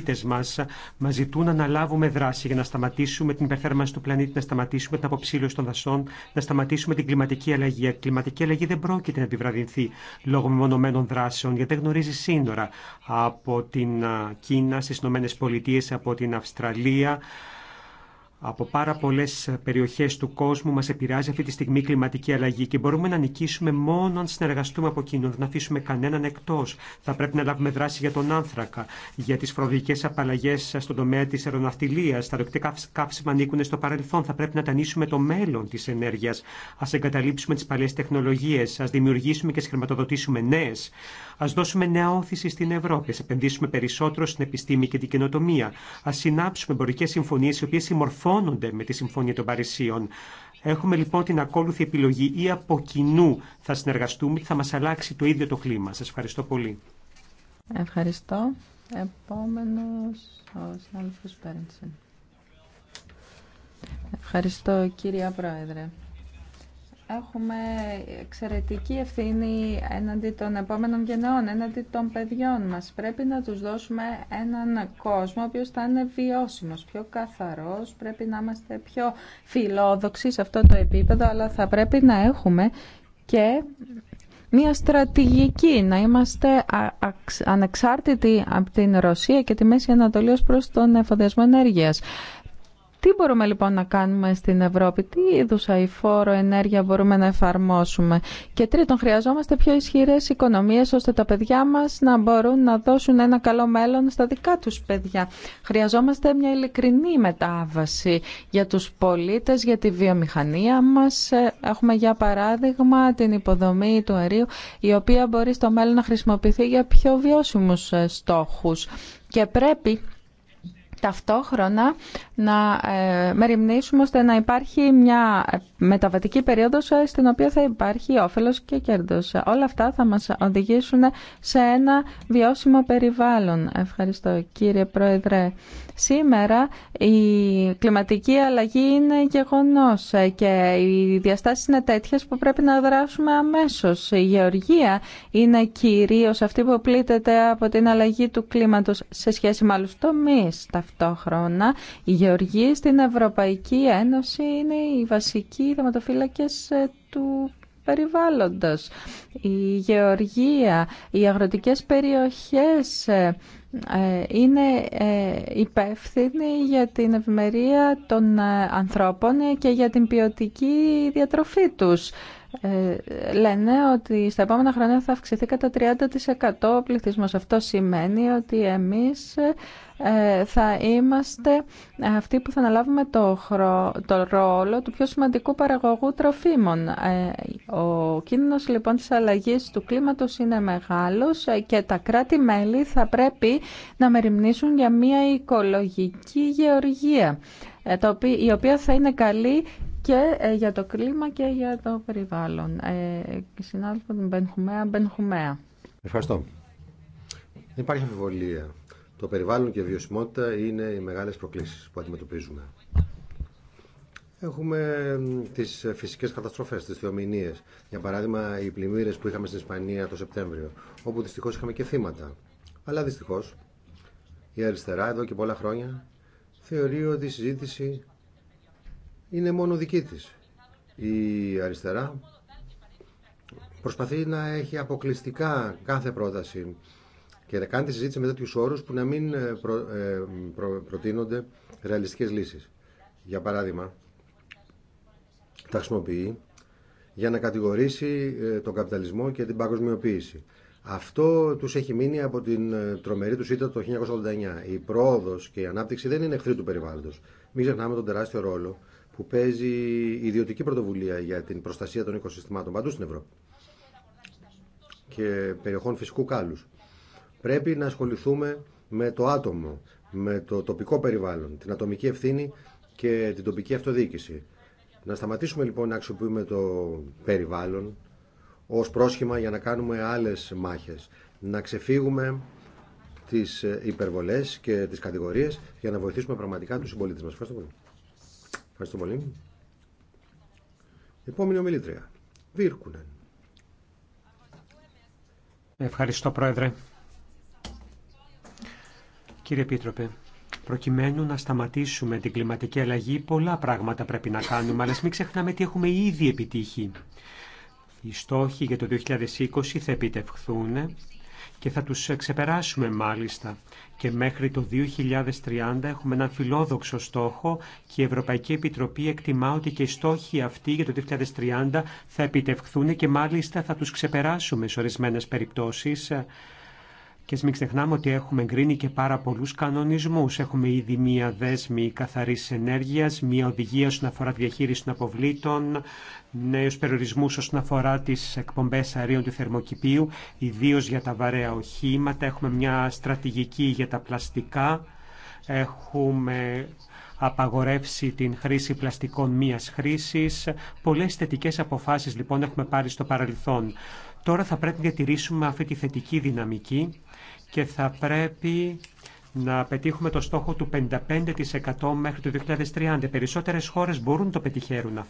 πολίτε μα μα ζητούν να αναλάβουμε δράση για να σταματήσουμε την υπερθέρμανση του πλανήτη, να σταματήσουμε την αποψήλωση των δασών, να σταματήσουμε την κλιματική αλλαγή. Η κλιματική αλλαγή δεν πρόκειται να επιβραδυνθεί λόγω μεμονωμένων δράσεων, γιατί δεν γνωρίζει σύνορα από την Κίνα στι Ηνωμένε Πολιτείε, από την Αυστραλία, από πάρα πολλέ ε, περιοχέ του κόσμου μα επηρεάζει αυτή τη στιγμή η κλιματική αλλαγή και μπορούμε να νικήσουμε μόνο αν συνεργαστούμε από κοινού, δεν αφήσουμε κανέναν εκτό. Θα πρέπει να λάβουμε δράση για τον άνθρακα, για τι φροντικέ απαλλαγέ ε, στον τομέα τη αεροναυτιλία. Τα ροκτικά καύσιμα ανήκουν στο παρελθόν. Θα πρέπει να τανίσουμε το μέλλον τη ενέργεια. Α εγκαταλείψουμε τι παλιέ τεχνολογίε, α δημιουργήσουμε και σχηματοδοτήσουμε νέε. Α δώσουμε νέα όθηση στην Ευρώπη, α επενδύσουμε περισσότερο στην επιστήμη και την καινοτομία. Α συνάψουμε εμπορικέ συμφωνίε οι οποίε συμμορφώνουν συμμορφώνονται με τη Συμφωνία των Παρισίων. Έχουμε λοιπόν την ακόλουθη επιλογή ή από κοινού θα συνεργαστούμε και θα μας αλλάξει το ίδιο το κλίμα. Σας ευχαριστώ πολύ. Ευχαριστώ. Επόμενος ο συνάδελφος Πέρνσεν. Ευχαριστώ κυρία Πρόεδρε έχουμε εξαιρετική ευθύνη έναντι των επόμενων γενναιών, έναντι των παιδιών μας. Πρέπει να τους δώσουμε έναν κόσμο ο οποίος θα είναι βιώσιμος, πιο καθαρός, πρέπει να είμαστε πιο φιλόδοξοι σε αυτό το επίπεδο, αλλά θα πρέπει να έχουμε και μια στρατηγική, να είμαστε ανεξάρτητοι από την Ρωσία και τη Μέση Ανατολή ως προς τον εφοδιασμό ενέργειας. Τι μπορούμε λοιπόν να κάνουμε στην Ευρώπη, τι είδους αηφόρο ενέργεια μπορούμε να εφαρμόσουμε. Και τρίτον, χρειαζόμαστε πιο ισχυρές οικονομίες ώστε τα παιδιά μας να μπορούν να δώσουν ένα καλό μέλλον στα δικά τους παιδιά. Χρειαζόμαστε μια ειλικρινή μετάβαση για τους πολίτες, για τη βιομηχανία μας. Ε, έχουμε για παράδειγμα την υποδομή του αερίου η οποία μπορεί στο μέλλον να χρησιμοποιηθεί για πιο βιώσιμους ε, στόχους. Και πρέπει ταυτόχρονα να ε, μεριμνήσουμε ώστε να υπάρχει μια μεταβατική περίοδος ε, στην οποία θα υπάρχει όφελος και κέρδος. Όλα αυτά θα μας οδηγήσουν σε ένα βιώσιμο περιβάλλον. Ευχαριστώ κύριε Πρόεδρε. Σήμερα η κλιματική αλλαγή είναι γεγονός ε, και οι διαστάσεις είναι τέτοιες που πρέπει να δράσουμε αμέσως. Η γεωργία είναι κυρίως αυτή που πλήττεται από την αλλαγή του κλίματος σε σχέση με άλλους τομείς ταυτόχρονα οι γεωργοί στην Ευρωπαϊκή Ένωση είναι οι βασικοί θεματοφύλακες ε, του περιβάλλοντος. Η γεωργία, οι αγροτικές περιοχές ε, ε, είναι υπεύθυνοι για την ευημερία των ανθρώπων και για την ποιοτική διατροφή τους. Ε, λένε ότι στα επόμενα χρόνια θα αυξηθεί κατά 30% ο πληθυσμός. Αυτό σημαίνει ότι εμείς ε, θα είμαστε αυτοί που θα αναλάβουμε το, το ρόλο του πιο σημαντικού παραγωγού τροφίμων. Ε, ο κίνδυνος λοιπόν της αλλαγής του κλίματος είναι μεγάλος και τα κράτη-μέλη θα πρέπει να μεριμνήσουν για μια οικολογική γεωργία η οποία θα είναι καλή και ε, για το κλίμα και για το περιβάλλον. Ε, συνάδελφο την Μπενχουμέα, Μπενχουμέα. Ευχαριστώ. Δεν υπάρχει αμφιβολία. Το περιβάλλον και η βιωσιμότητα είναι οι μεγάλες προκλήσεις που αντιμετωπίζουμε. Έχουμε τις φυσικές καταστροφές, τις θεομηνίες. Για παράδειγμα, οι πλημμύρες που είχαμε στην Ισπανία το Σεπτέμβριο, όπου δυστυχώς είχαμε και θύματα. Αλλά δυστυχώς η αριστερά εδώ και πολλά χρόνια θεωρεί ότι η συζήτηση είναι μόνο δική της. Η αριστερά προσπαθεί να έχει αποκλειστικά κάθε πρόταση και να κάνει τη συζήτηση με τέτοιου όρου που να μην ε, προ, ε, προ, προτείνονται ρεαλιστικέ λύσει. Για παράδειγμα, τα χρησιμοποιεί για να κατηγορήσει ε, τον καπιταλισμό και την παγκοσμιοποίηση. Αυτό τους έχει μείνει από την τρομερή του ήττα το 1989. Η πρόοδος και η ανάπτυξη δεν είναι εχθροί του περιβάλλοντος. Μην ξεχνάμε τον τεράστιο ρόλο που παίζει ιδιωτική πρωτοβουλία για την προστασία των οικοσυστημάτων παντού στην Ευρώπη και περιοχών φυσικού κάλους. Πρέπει να ασχοληθούμε με το άτομο, με το τοπικό περιβάλλον, την ατομική ευθύνη και την τοπική αυτοδιοίκηση. Να σταματήσουμε λοιπόν να αξιοποιούμε το περιβάλλον ως πρόσχημα για να κάνουμε άλλες μάχες. Να ξεφύγουμε τις υπερβολές και τις κατηγορίες για να βοηθήσουμε πραγματικά τους συμπολίτες μας. Ευχαριστώ πολύ. Ευχαριστώ πολύ. Επόμενη ομιλήτρια. Βίρκουνεν. Ευχαριστώ Πρόεδρε. Κύριε Επίτροπε, προκειμένου να σταματήσουμε την κλιματική αλλαγή, πολλά πράγματα πρέπει να κάνουμε, αλλά μην ξεχνάμε τι έχουμε ήδη επιτύχει. Οι στόχοι για το 2020 θα επιτευχθούν και θα τους ξεπεράσουμε μάλιστα. Και μέχρι το 2030 έχουμε έναν φιλόδοξο στόχο και η Ευρωπαϊκή Επιτροπή εκτιμά ότι και οι στόχοι αυτοί για το 2030 θα επιτευχθούν και μάλιστα θα τους ξεπεράσουμε σε ορισμένες περιπτώσεις και μην ξεχνάμε ότι έχουμε εγκρίνει και πάρα πολλού κανονισμού. Έχουμε ήδη μία δέσμη καθαρή ενέργεια, μία οδηγία όσον αφορά τη διαχείριση των αποβλήτων, νέου περιορισμού όσον αφορά τι εκπομπέ αερίων του θερμοκηπίου, ιδίω για τα βαρέα οχήματα. Έχουμε μια στρατηγική για τα πλαστικά. Έχουμε απαγορεύσει την χρήση πλαστικών μίας χρήσης. Πολλές θετικές αποφάσεις λοιπόν έχουμε πάρει στο παρελθόν. Τώρα θα πρέπει να διατηρήσουμε αυτή τη θετική δυναμική και θα πρέπει να πετύχουμε το στόχο του 55% μέχρι το 2030. Περισσότερες χώρες μπορούν το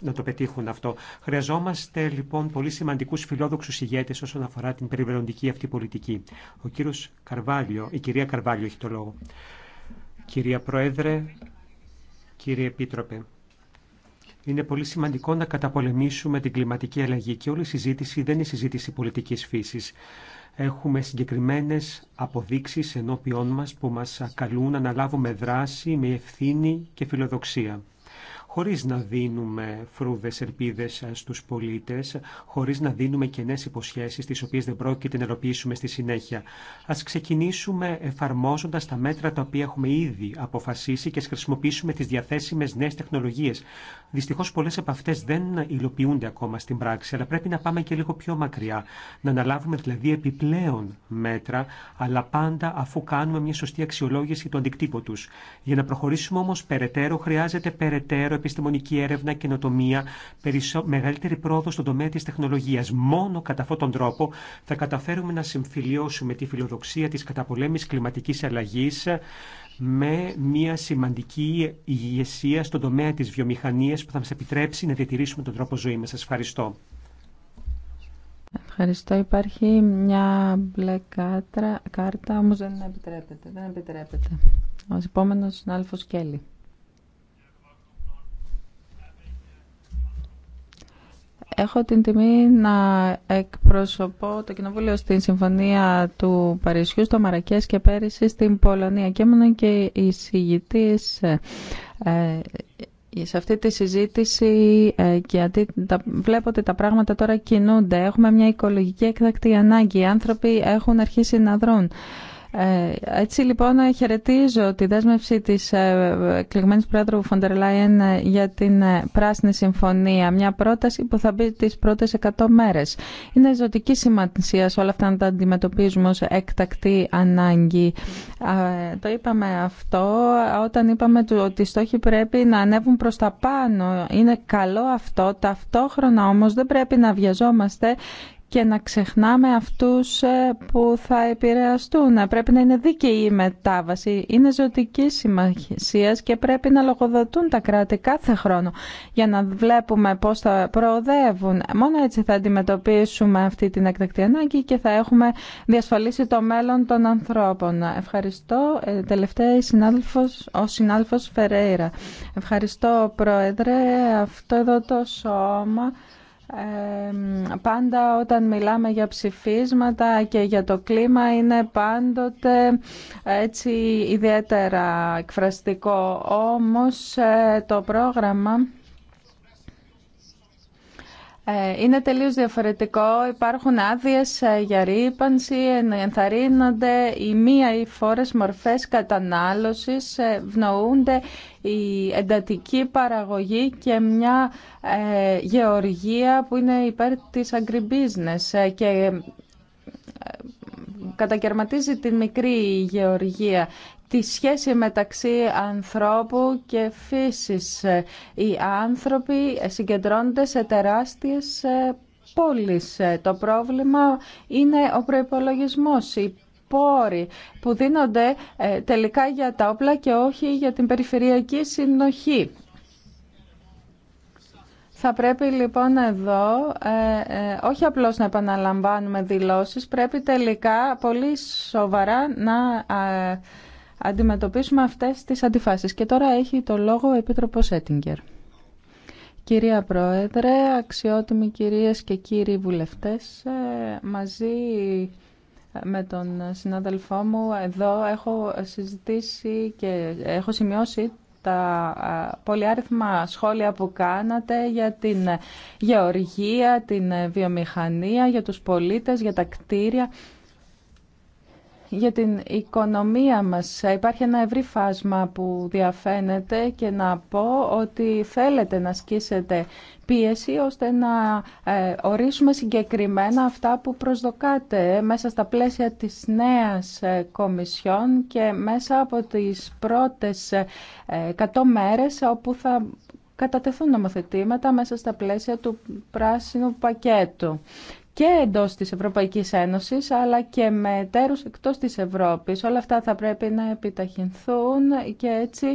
να το πετύχουν αυτό. Χρειαζόμαστε λοιπόν πολύ σημαντικούς φιλόδοξους ηγέτες όσον αφορά την περιβαλλοντική αυτή πολιτική. Ο κύριος Καρβάλιο, η κυρία Καρβάλιο έχει το λόγο. Κυρία Πρόεδρε, κύριε Επίτροπε. Είναι πολύ σημαντικό να καταπολεμήσουμε την κλιματική αλλαγή και όλη η συζήτηση δεν είναι συζήτηση πολιτικής φύσης έχουμε συγκεκριμένες αποδείξεις ενώπιόν μας που μας καλούν να αναλάβουμε δράση με ευθύνη και φιλοδοξία χωρίς να δίνουμε φρούδες ελπίδες ε, στους πολίτες, χωρίς να δίνουμε κενές υποσχέσεις τις οποίες δεν πρόκειται να ελοπίσουμε στη συνέχεια. Ας ξεκινήσουμε εφαρμόζοντας τα μέτρα τα οποία έχουμε ήδη αποφασίσει και ας χρησιμοποιήσουμε τις διαθέσιμες νέες τεχνολογίες. Δυστυχώς πολλές από αυτές δεν υλοποιούνται ακόμα στην πράξη, αλλά πρέπει να πάμε και λίγο πιο μακριά, να αναλάβουμε δηλαδή επιπλέον μέτρα, αλλά πάντα αφού κάνουμε μια σωστή αξιολόγηση του αντικτύπου τους. Για να προχωρήσουμε όμως περαιτέρω χρειάζεται περαιτέρω επιστημονική έρευνα, καινοτομία, περισσο... μεγαλύτερη πρόοδο στον τομέα τη τεχνολογία. Μόνο κατά αυτόν τον τρόπο θα καταφέρουμε να συμφιλιώσουμε τη φιλοδοξία τη καταπολέμηση κλιματική αλλαγή με μια σημαντική ηγεσία στον τομέα της βιομηχανίας που θα μας επιτρέψει να διατηρήσουμε τον τρόπο ζωής μας. Σας ευχαριστώ. Ευχαριστώ. Υπάρχει μια μπλε κάρτα, κάρτα όμως δεν επιτρέπεται. Δεν επιτρέπεται. Ο επόμενος είναι Άλφος Κέλλη. Έχω την τιμή να εκπροσωπώ το Κοινοβούλιο στην Συμφωνία του Παρισιού στο Μαρακές και πέρυσι στην Πολωνία και ήμουν και εισηγητής ε, ε, σε αυτή τη συζήτηση ε, και τα, βλέπω ότι τα πράγματα τώρα κινούνται. Έχουμε μια οικολογική εκτακτή ανάγκη. Οι άνθρωποι έχουν αρχίσει να δρουν. Ε, έτσι λοιπόν χαιρετίζω τη δέσμευση της ε, κληγμένης πρόεδρου Φοντερ Λάιεν για την ε, Πράσινη Συμφωνία, μια πρόταση που θα μπει τις πρώτες 100 μέρες. Είναι ζωτική σημασία σε όλα αυτά να τα αντιμετωπίζουμε ως εκτακτή ανάγκη. Το είπαμε αυτό όταν είπαμε ότι οι στόχοι πρέπει να ανέβουν προς τα πάνω. Είναι καλό αυτό, ταυτόχρονα όμως δεν πρέπει να βιαζόμαστε και να ξεχνάμε αυτούς ε, που θα επηρεαστούν. Πρέπει να είναι δίκαιη η μετάβαση. Είναι ζωτική σημασία και πρέπει να λογοδοτούν τα κράτη κάθε χρόνο για να βλέπουμε πώς θα προοδεύουν. Μόνο έτσι θα αντιμετωπίσουμε αυτή την εκτακτή ανάγκη και θα έχουμε διασφαλίσει το μέλλον των ανθρώπων. Ευχαριστώ. Ε, τελευταία συνάδελφος, ο συνάδελφος Φερέιρα. Ευχαριστώ Πρόεδρε. Αυτό εδώ το σώμα πάντα όταν μιλάμε για ψηφίσματα και για το κλίμα είναι πάντοτε έτσι ιδιαίτερα εκφραστικό. Όμως ε, το πρόγραμμα ε, είναι τελείως διαφορετικό. Υπάρχουν άδειες ε, για ρήπανση, ενθαρρύνονται οι μία ή φόρες μορφές κατανάλωσης, ε, ευνοούνται η φορες μορφες καταναλωσης βνοουνται παραγωγή και μια γεωργία που είναι υπέρ της agribusiness και κατακαιρματίζει την μικρή γεωργία τη σχέση μεταξύ ανθρώπου και φύσης. Οι άνθρωποι συγκεντρώνονται σε τεράστιες ε, πόλεις. Ε, το πρόβλημα είναι ο προϋπολογισμός, οι πόροι που δίνονται ε, τελικά για τα όπλα και όχι για την περιφερειακή συνοχή. Θα πρέπει λοιπόν εδώ όχι απλώς να επαναλαμβάνουμε δηλώσεις, πρέπει τελικά πολύ σοβαρά να αντιμετωπίσουμε αυτές τις αντιφάσεις. Και τώρα έχει το λόγο ο Επίτροπος Έτιγκερ. Κυρία Πρόεδρε, αξιότιμοι κυρίες και κύριοι βουλευτές, ε, μαζί με τον συνάδελφό μου εδώ έχω συζητήσει και έχω σημειώσει τα ε, πολυάριθμα σχόλια που κάνατε για την γεωργία, την βιομηχανία, για τους πολίτες, για τα κτίρια για την οικονομία μας. Υπάρχει ένα ευρύ φάσμα που διαφαίνεται και να πω ότι θέλετε να σκίσετε πίεση ώστε να ε, ορίσουμε συγκεκριμένα αυτά που προσδοκάτε μέσα στα πλαίσια της νέας ε, Κομισιόν και μέσα από τις πρώτες 100 ε, μέρες όπου θα κατατεθούν νομοθετήματα μέσα στα πλαίσια του πράσινου πακέτου και εντός της Ευρωπαϊκής Ένωσης αλλά και με εταίρους εκτός της Ευρώπης. Όλα αυτά θα πρέπει να επιταχυνθούν και έτσι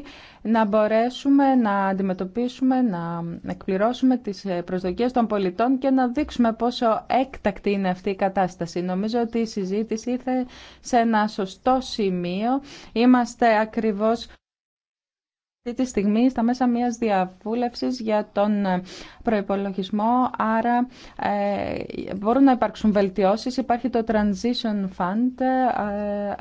να μπορέσουμε να αντιμετωπίσουμε, να εκπληρώσουμε τις προσδοκίες των πολιτών και να δείξουμε πόσο έκτακτη είναι αυτή η κατάσταση. Νομίζω ότι η συζήτηση ήρθε σε ένα σωστό σημείο. Είμαστε ακριβώς αυτή τη στιγμή στα μέσα μιας διαβούλευσης για τον ε, προϋπολογισμό, άρα ε, μπορούν να υπάρξουν βελτιώσεις. Υπάρχει το Transition Fund,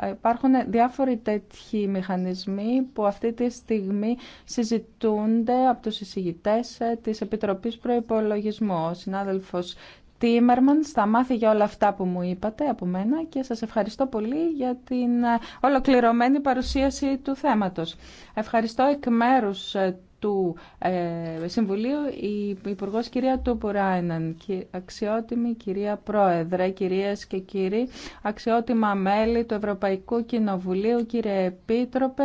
ε, ε, υπάρχουν διάφοροι τέτοιοι μηχανισμοί που αυτή τη στιγμή συζητούνται από τους εισηγητές της Επιτροπής Προϋπολογισμού. Ο συνάδελφος Τίμερμαν, θα μάθει για όλα αυτά που μου είπατε από μένα και σας ευχαριστώ πολύ για την ε, ολοκληρωμένη παρουσίαση του θέματος. Ευχαριστώ εκ μέρους ε, του ε, Συμβουλίου η Υπουργό κυρία Ράιναν, αξιότιμη κυρία Πρόεδρε, κυρίες και κύριοι, αξιότιμα μέλη του Ευρωπαϊκού Κοινοβουλίου, κύριε Επίτροπε,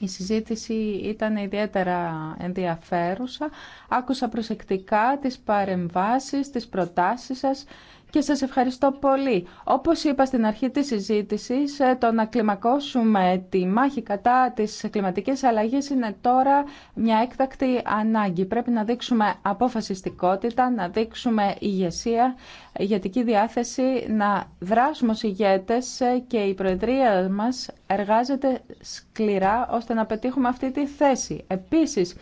η συζήτηση ήταν ιδιαίτερα ενδιαφέρουσα. Άκουσα προσεκτικά τις παρεμβάσεις, τις προτάσεις σας και σας ευχαριστώ πολύ. Όπως είπα στην αρχή της συζήτησης, ε, το να κλιμακώσουμε τη μάχη κατά της κλιματικής αλλαγής είναι τώρα μια έκτακτη ανάγκη. Πρέπει να δείξουμε αποφασιστικότητα, να δείξουμε ηγεσία, ηγετική διάθεση, να δράσουμε ως ηγέτες ε, και η Προεδρία μας εργάζεται σκληρά ώστε να πετύχουμε αυτή τη θέση. Επίσης,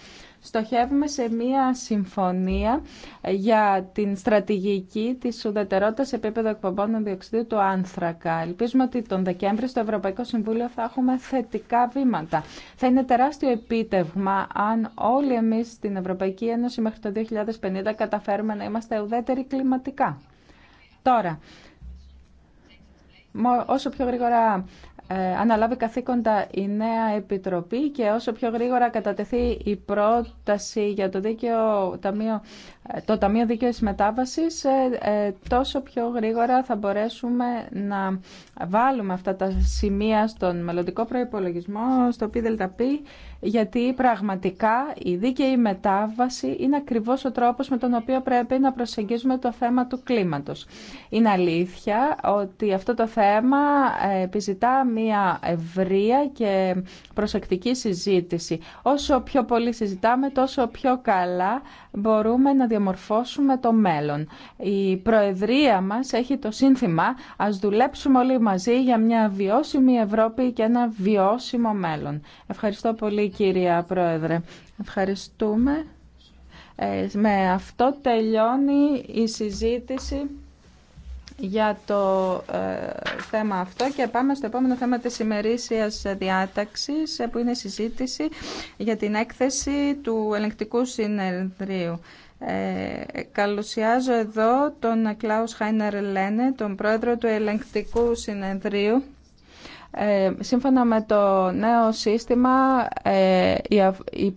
στοχεύουμε σε μία συμφωνία ε, για την στρατηγική τη ουδετερότητα σε επίπεδο εκπομπών του του άνθρακα. Ελπίζουμε ότι τον Δεκέμβρη στο Ευρωπαϊκό Συμβούλιο θα έχουμε θετικά βήματα. Θα είναι τεράστιο επίτευγμα αν όλοι εμείς στην Ευρωπαϊκή Ένωση μέχρι το 2050 καταφέρουμε να είμαστε ουδέτεροι κλιματικά. Τώρα, όσο πιο γρήγορα ε, αναλάβει καθήκοντα η νέα Επιτροπή και όσο πιο γρήγορα κατατεθεί η πρόταση για το, δίκαιο, ταμείο, ε, το Ταμείο Δίκαιης Μετάβασης, ε, τόσο πιο γρήγορα θα μπορέσουμε να βάλουμε αυτά τα σημεία στον μελλοντικό προϋπολογισμό, στο ΠΔΠ γιατί πραγματικά η δίκαιη μετάβαση είναι ακριβώς ο τρόπος με τον οποίο πρέπει να προσεγγίζουμε το θέμα του κλίματος. Είναι αλήθεια ότι αυτό το θέμα ε, επιζητά μια ευρεία και προσεκτική συζήτηση. Όσο πιο πολύ συζητάμε, τόσο πιο καλά μπορούμε να διαμορφώσουμε το μέλλον. Η Προεδρία μας έχει το σύνθημα «Ας δουλέψουμε όλοι μαζί για μια βιώσιμη Ευρώπη και ένα βιώσιμο μέλλον». Ευχαριστώ πολύ κυρία Πρόεδρε. Ευχαριστούμε. Ε, με αυτό τελειώνει η συζήτηση για το ε, θέμα αυτό και πάμε στο επόμενο θέμα της ημερήσιας διάταξης που είναι η συζήτηση για την έκθεση του ελεγκτικού συνεδρίου. Ε, καλουσιάζω εδώ τον Κλάους Χάινερ Λένε, τον πρόεδρο του ελεγκτικού συνεδρίου ε, σύμφωνα με το νέο σύστημα, ε, οι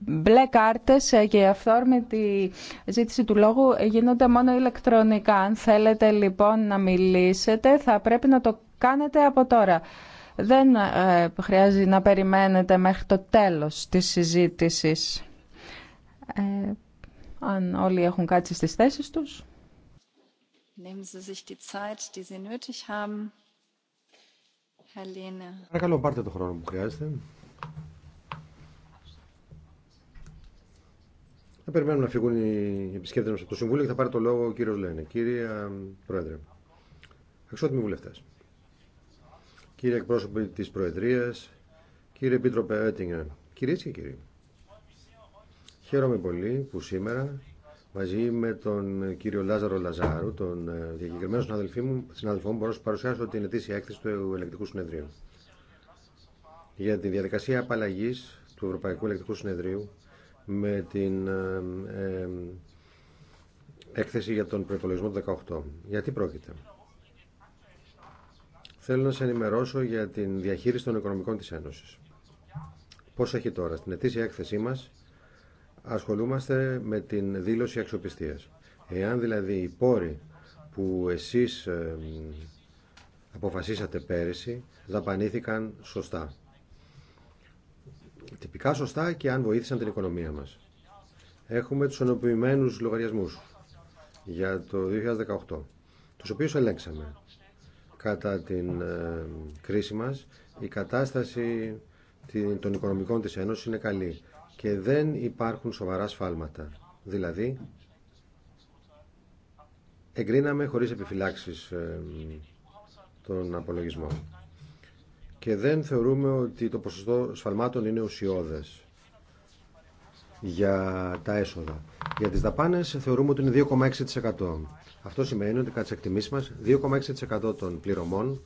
μπλε κάρτες ε, και η αυθόρμητη ζήτηση του λόγου γίνονται μόνο ηλεκτρονικά. Αν θέλετε λοιπόν να μιλήσετε, θα πρέπει να το κάνετε από τώρα. Δεν χρειάζεται να περιμένετε μέχρι το τέλος της συζήτησης. αν όλοι έχουν κάτσει στις θέσεις τους. Nehmen sich die Zeit, die Sie Helena. Παρακαλώ πάρτε το χρόνο που χρειάζεται. Θα περιμένουμε να φύγουν οι επισκέπτε μα από το Συμβούλιο και θα πάρει το λόγο ο κύριο Λένε. Κύριε Πρόεδρε, αξιότιμοι βουλευτέ, κύριε εκπρόσωποι τη Προεδρία, κύριε Επίτροπε κυρίε και κύριοι, χαίρομαι πολύ που σήμερα μαζί με τον ε, κύριο Λάζαρο Λαζάρου, τον ε, διακεκριμένο συναδελφό μου, συναδελφό μου μπορώ να σα παρουσιάσω την ετήσια έκθεση του Ελεκτικού Συνεδρίου. Για τη διαδικασία απαλλαγή του Ευρωπαϊκού Ελεκτικού Συνεδρίου με την ε, έκθεση για τον προπολογισμό του 18. Γιατί πρόκειται. Θέλω να σε ενημερώσω για την διαχείριση των οικονομικών της Ένωσης. Πώς έχει τώρα. Στην ετήσια έκθεσή μας ασχολούμαστε με την δήλωση αξιοπιστίας. Εάν δηλαδή οι πόροι που εσείς ε, αποφασίσατε πέρυσι δαπανήθηκαν σωστά. Τυπικά σωστά και αν βοήθησαν την οικονομία μας. Έχουμε τους ονοποιημένους λογαριασμούς για το 2018, τους οποίους ελέγξαμε. Κατά την ε, κρίση μας η κατάσταση των οικονομικών της Ένωσης είναι καλή και δεν υπάρχουν σοβαρά σφάλματα. Δηλαδή, εγκρίναμε χωρίς επιφυλάξεις ε, τον απολογισμό. Και δεν θεωρούμε ότι το ποσοστό σφαλμάτων είναι ουσιώδες για τα έσοδα. Για τις δαπάνες θεωρούμε ότι είναι 2,6%. Αυτό σημαίνει ότι κατά τις εκτιμήσεις μας 2,6% των πληρωμών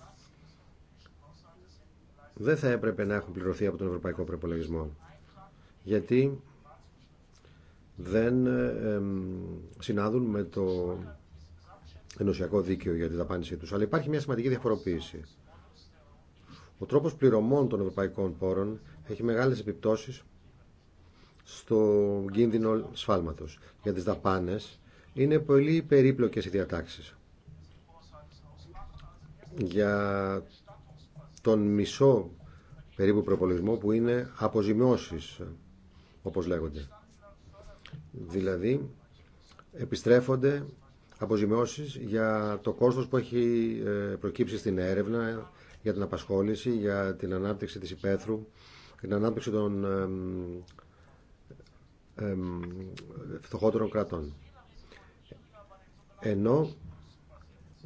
δεν θα έπρεπε να έχουν πληρωθεί από τον Ευρωπαϊκό Προπολογισμό γιατί δεν ε, συνάδουν με το ενωσιακό δίκαιο για τη δαπάνησή τους. Αλλά υπάρχει μια σημαντική διαφοροποίηση. Ο τρόπος πληρωμών των ευρωπαϊκών πόρων έχει μεγάλες επιπτώσεις στο κίνδυνο σφάλματος. Για τις δαπάνες είναι πολύ περίπλοκες οι διατάξεις. Για τον μισό περίπου προπολογισμό που είναι αποζημιώσεις όπως λέγονται. Δηλαδή, επιστρέφονται αποζημιώσεις για το κόστος που έχει ε, προκύψει στην έρευνα, για την απασχόληση, για την ανάπτυξη της υπαίθρου, την ανάπτυξη των φτωχότερων κρατών. Ενώ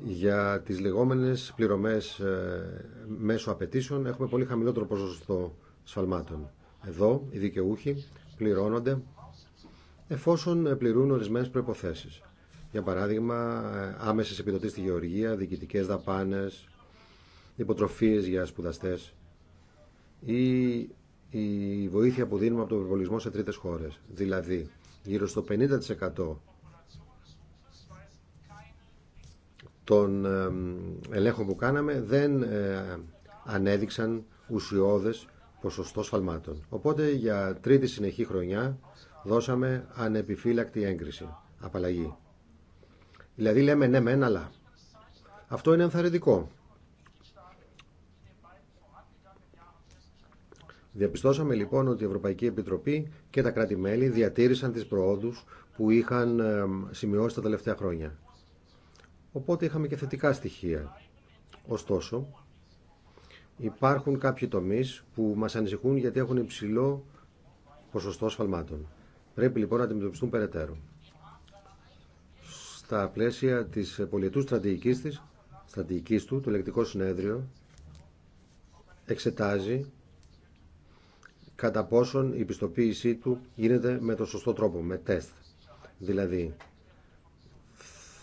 για τις λεγόμενες πληρωμές ε, μέσω απαιτήσεων έχουμε πολύ χαμηλότερο ποσοστό σφαλμάτων. Εδώ οι δικαιούχοι πληρώνονται εφόσον πληρούν ορισμένες προϋποθέσεις. Για παράδειγμα, άμεσε επιδοτήσεις στη γεωργία, διοικητικέ δαπάνες, υποτροφίες για σπουδαστέ ή η βοήθεια που δίνουμε από τον προπολογισμό σε τρίτες χώρες. Δηλαδή, γύρω στο 50% των ελέγχων που κάναμε δεν ε, ανέδειξαν ουσιώδες ποσοστό σφαλμάτων. Οπότε για τρίτη συνεχή χρονιά δώσαμε ανεπιφύλακτη έγκριση, απαλλαγή. Δηλαδή λέμε ναι μεν αλλά. Αυτό είναι ενθαρρυντικό. Διαπιστώσαμε λοιπόν ότι η Ευρωπαϊκή Επιτροπή και τα κράτη-μέλη διατήρησαν τις προόδους που είχαν σημειώσει τα τελευταία χρόνια. Οπότε είχαμε και θετικά στοιχεία. Ωστόσο, Υπάρχουν κάποιοι τομείς που μας ανησυχούν γιατί έχουν υψηλό ποσοστό σφαλμάτων. Πρέπει λοιπόν να αντιμετωπιστούν περαιτέρω. Στα πλαίσια της πολιτού στρατηγικής, της, στρατηγικής του, το ελεκτικό συνέδριο εξετάζει κατά πόσον η πιστοποίησή του γίνεται με το σωστό τρόπο, με τεστ. Δηλαδή,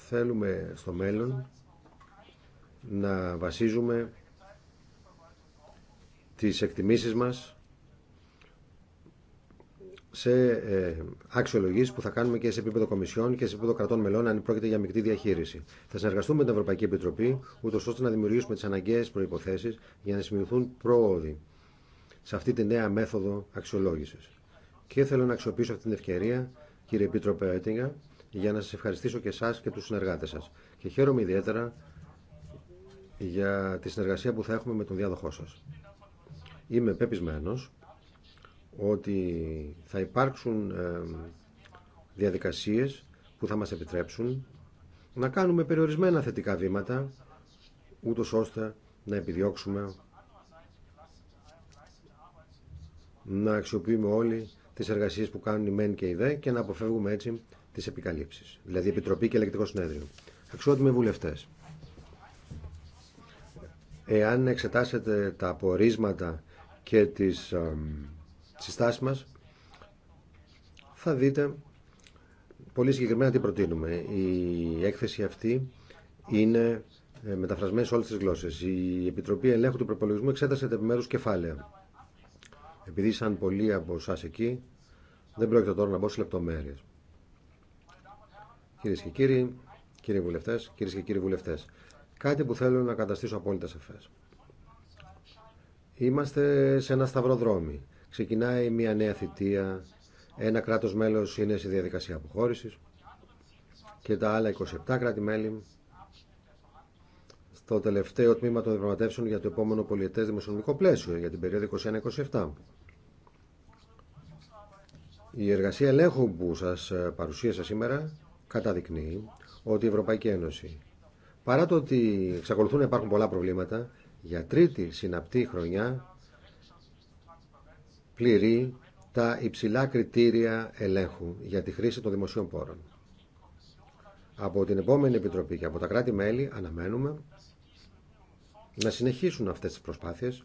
θέλουμε στο μέλλον να βασίζουμε τις εκτιμήσεις μας σε ε, αξιολογήσει που θα κάνουμε και σε επίπεδο Κομισιών και σε επίπεδο κρατών μελών, αν πρόκειται για μεικτή διαχείριση. Θα συνεργαστούμε με την Ευρωπαϊκή Επιτροπή, ούτω ώστε να δημιουργήσουμε τι αναγκαίε προποθέσει για να σημειωθούν πρόοδοι σε αυτή τη νέα μέθοδο αξιολόγηση. Και θέλω να αξιοποιήσω αυτή την ευκαιρία, κύριε Επίτροπε Έτιγα, για να σα ευχαριστήσω και εσά και του συνεργάτε σα. Και χαίρομαι ιδιαίτερα για τη συνεργασία που θα έχουμε με τον διάδοχό σα. Είμαι πεπισμένος ότι θα υπάρξουν ε, διαδικασίες που θα μας επιτρέψουν να κάνουμε περιορισμένα θετικά βήματα ούτως ώστε να επιδιώξουμε να αξιοποιούμε όλοι τις εργασίες που κάνουν οι ΜΕΝ και οι ΔΕ και να αποφεύγουμε έτσι τις επικαλύψεις. Δηλαδή Επιτροπή και Ελεκτικό Συνέδριο. Αξιότιμοι βουλευτές. Εάν εξετάσετε τα απορίσματα και της συστάσεις μας θα δείτε πολύ συγκεκριμένα τι προτείνουμε. Η έκθεση αυτή είναι ε, μεταφρασμένη σε όλες τις γλώσσες. Η Επιτροπή Ελέγχου του Προπολογισμού εξέτασε τα επιμέρους κεφάλαια. Επειδή σαν πολλοί από εσά εκεί, δεν πρόκειται τώρα να μπω σε λεπτομέρειες. Κυρίε και κύριοι, κύριοι βουλευτές, κυρίε και κύριοι βουλευτές, κάτι που θέλω να καταστήσω απόλυτα σαφές. Είμαστε σε ένα σταυροδρόμι. Ξεκινάει μια νέα θητεία, ένα κράτος μέλος είναι σε διαδικασία αποχώρησης και τα άλλα 27 κράτη-μέλη στο τελευταίο τμήμα των διαπραγματεύσεων για το επόμενο πολιετές δημοσιονομικό πλαίσιο για την περίοδο 21-27. Η εργασία ελέγχου που σας ε, παρουσίασα σήμερα καταδεικνύει ότι η Ευρωπαϊκή Ένωση παρά το ότι εξακολουθούν να υπάρχουν πολλά προβλήματα για τρίτη συναπτή χρονιά πληρεί τα υψηλά κριτήρια ελέγχου για τη χρήση των δημοσίων πόρων. Από την επόμενη Επιτροπή και από τα κράτη-μέλη αναμένουμε να συνεχίσουν αυτές τις προσπάθειες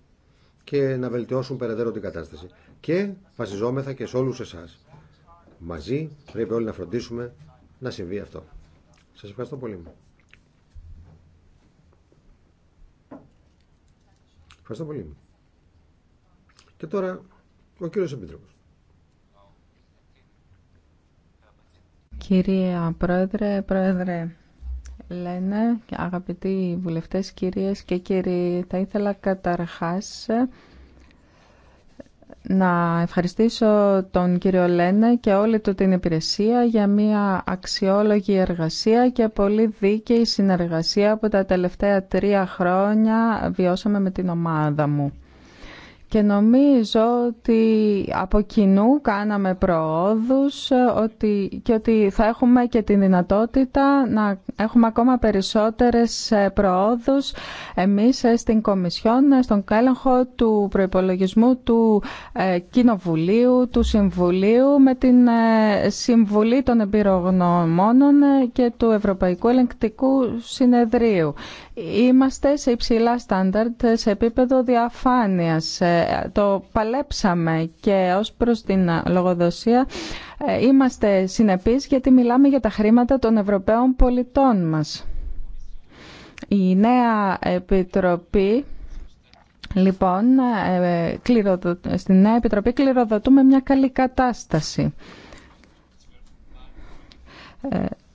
και να βελτιώσουν περαιτέρω την κατάσταση. Και βασιζόμεθα και σε όλους εσάς. Μαζί πρέπει όλοι να φροντίσουμε να συμβεί αυτό. Σας ευχαριστώ πολύ. Ευχαριστώ πολύ. Και τώρα ο κύριος Επίτροπος. Κυρία Πρόεδρε, Πρόεδρε Λένε, αγαπητοί βουλευτές, κυρίες και κύριοι, θα ήθελα καταρχάς να ευχαριστήσω τον κύριο Λένε και όλη του την υπηρεσία για μια αξιόλογη εργασία και πολύ δίκαιη συνεργασία που τα τελευταία τρία χρόνια βιώσαμε με την ομάδα μου. Και νομίζω ότι από κοινού κάναμε προόδους ότι, και ότι θα έχουμε και τη δυνατότητα να έχουμε ακόμα περισσότερες ε, προόδους εμείς ε, στην Κομισιόν, ε, στον Κέλεγχο του προϋπολογισμού του Κοινοβουλίου, του Συμβουλίου με την Συμβουλή των Εμπειρογνωμόνων και του Ευρωπαϊκού Ελεγκτικού Συνεδρίου. Είμαστε σε υψηλά στάνταρτ σε επίπεδο διαφάνειας. Ε, το παλέψαμε και ως προς την λογοδοσία ε, είμαστε συνεπείς γιατί μιλάμε για τα χρήματα των Ευρωπαίων πολιτών μας. Η νέα επιτροπή Λοιπόν, ε, στην Νέα Επιτροπή κληροδοτούμε μια καλή κατάσταση.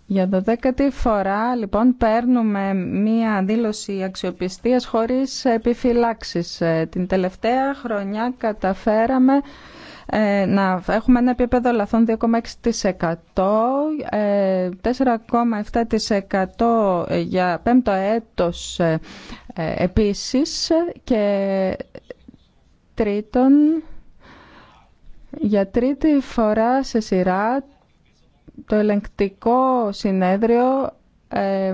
Για δωδέκατη φορά λοιπόν παίρνουμε μία δήλωση αξιοπιστίας χωρίς επιφυλάξεις. Ε, την τελευταία χρονιά καταφέραμε ε, να έχουμε ένα επίπεδο λαθών 2,6%, 4,7% ε, για πέμπτο έτος επίσης και τρίτον για τρίτη φορά σε σειρά το ελεγκτικό συνέδριο ε,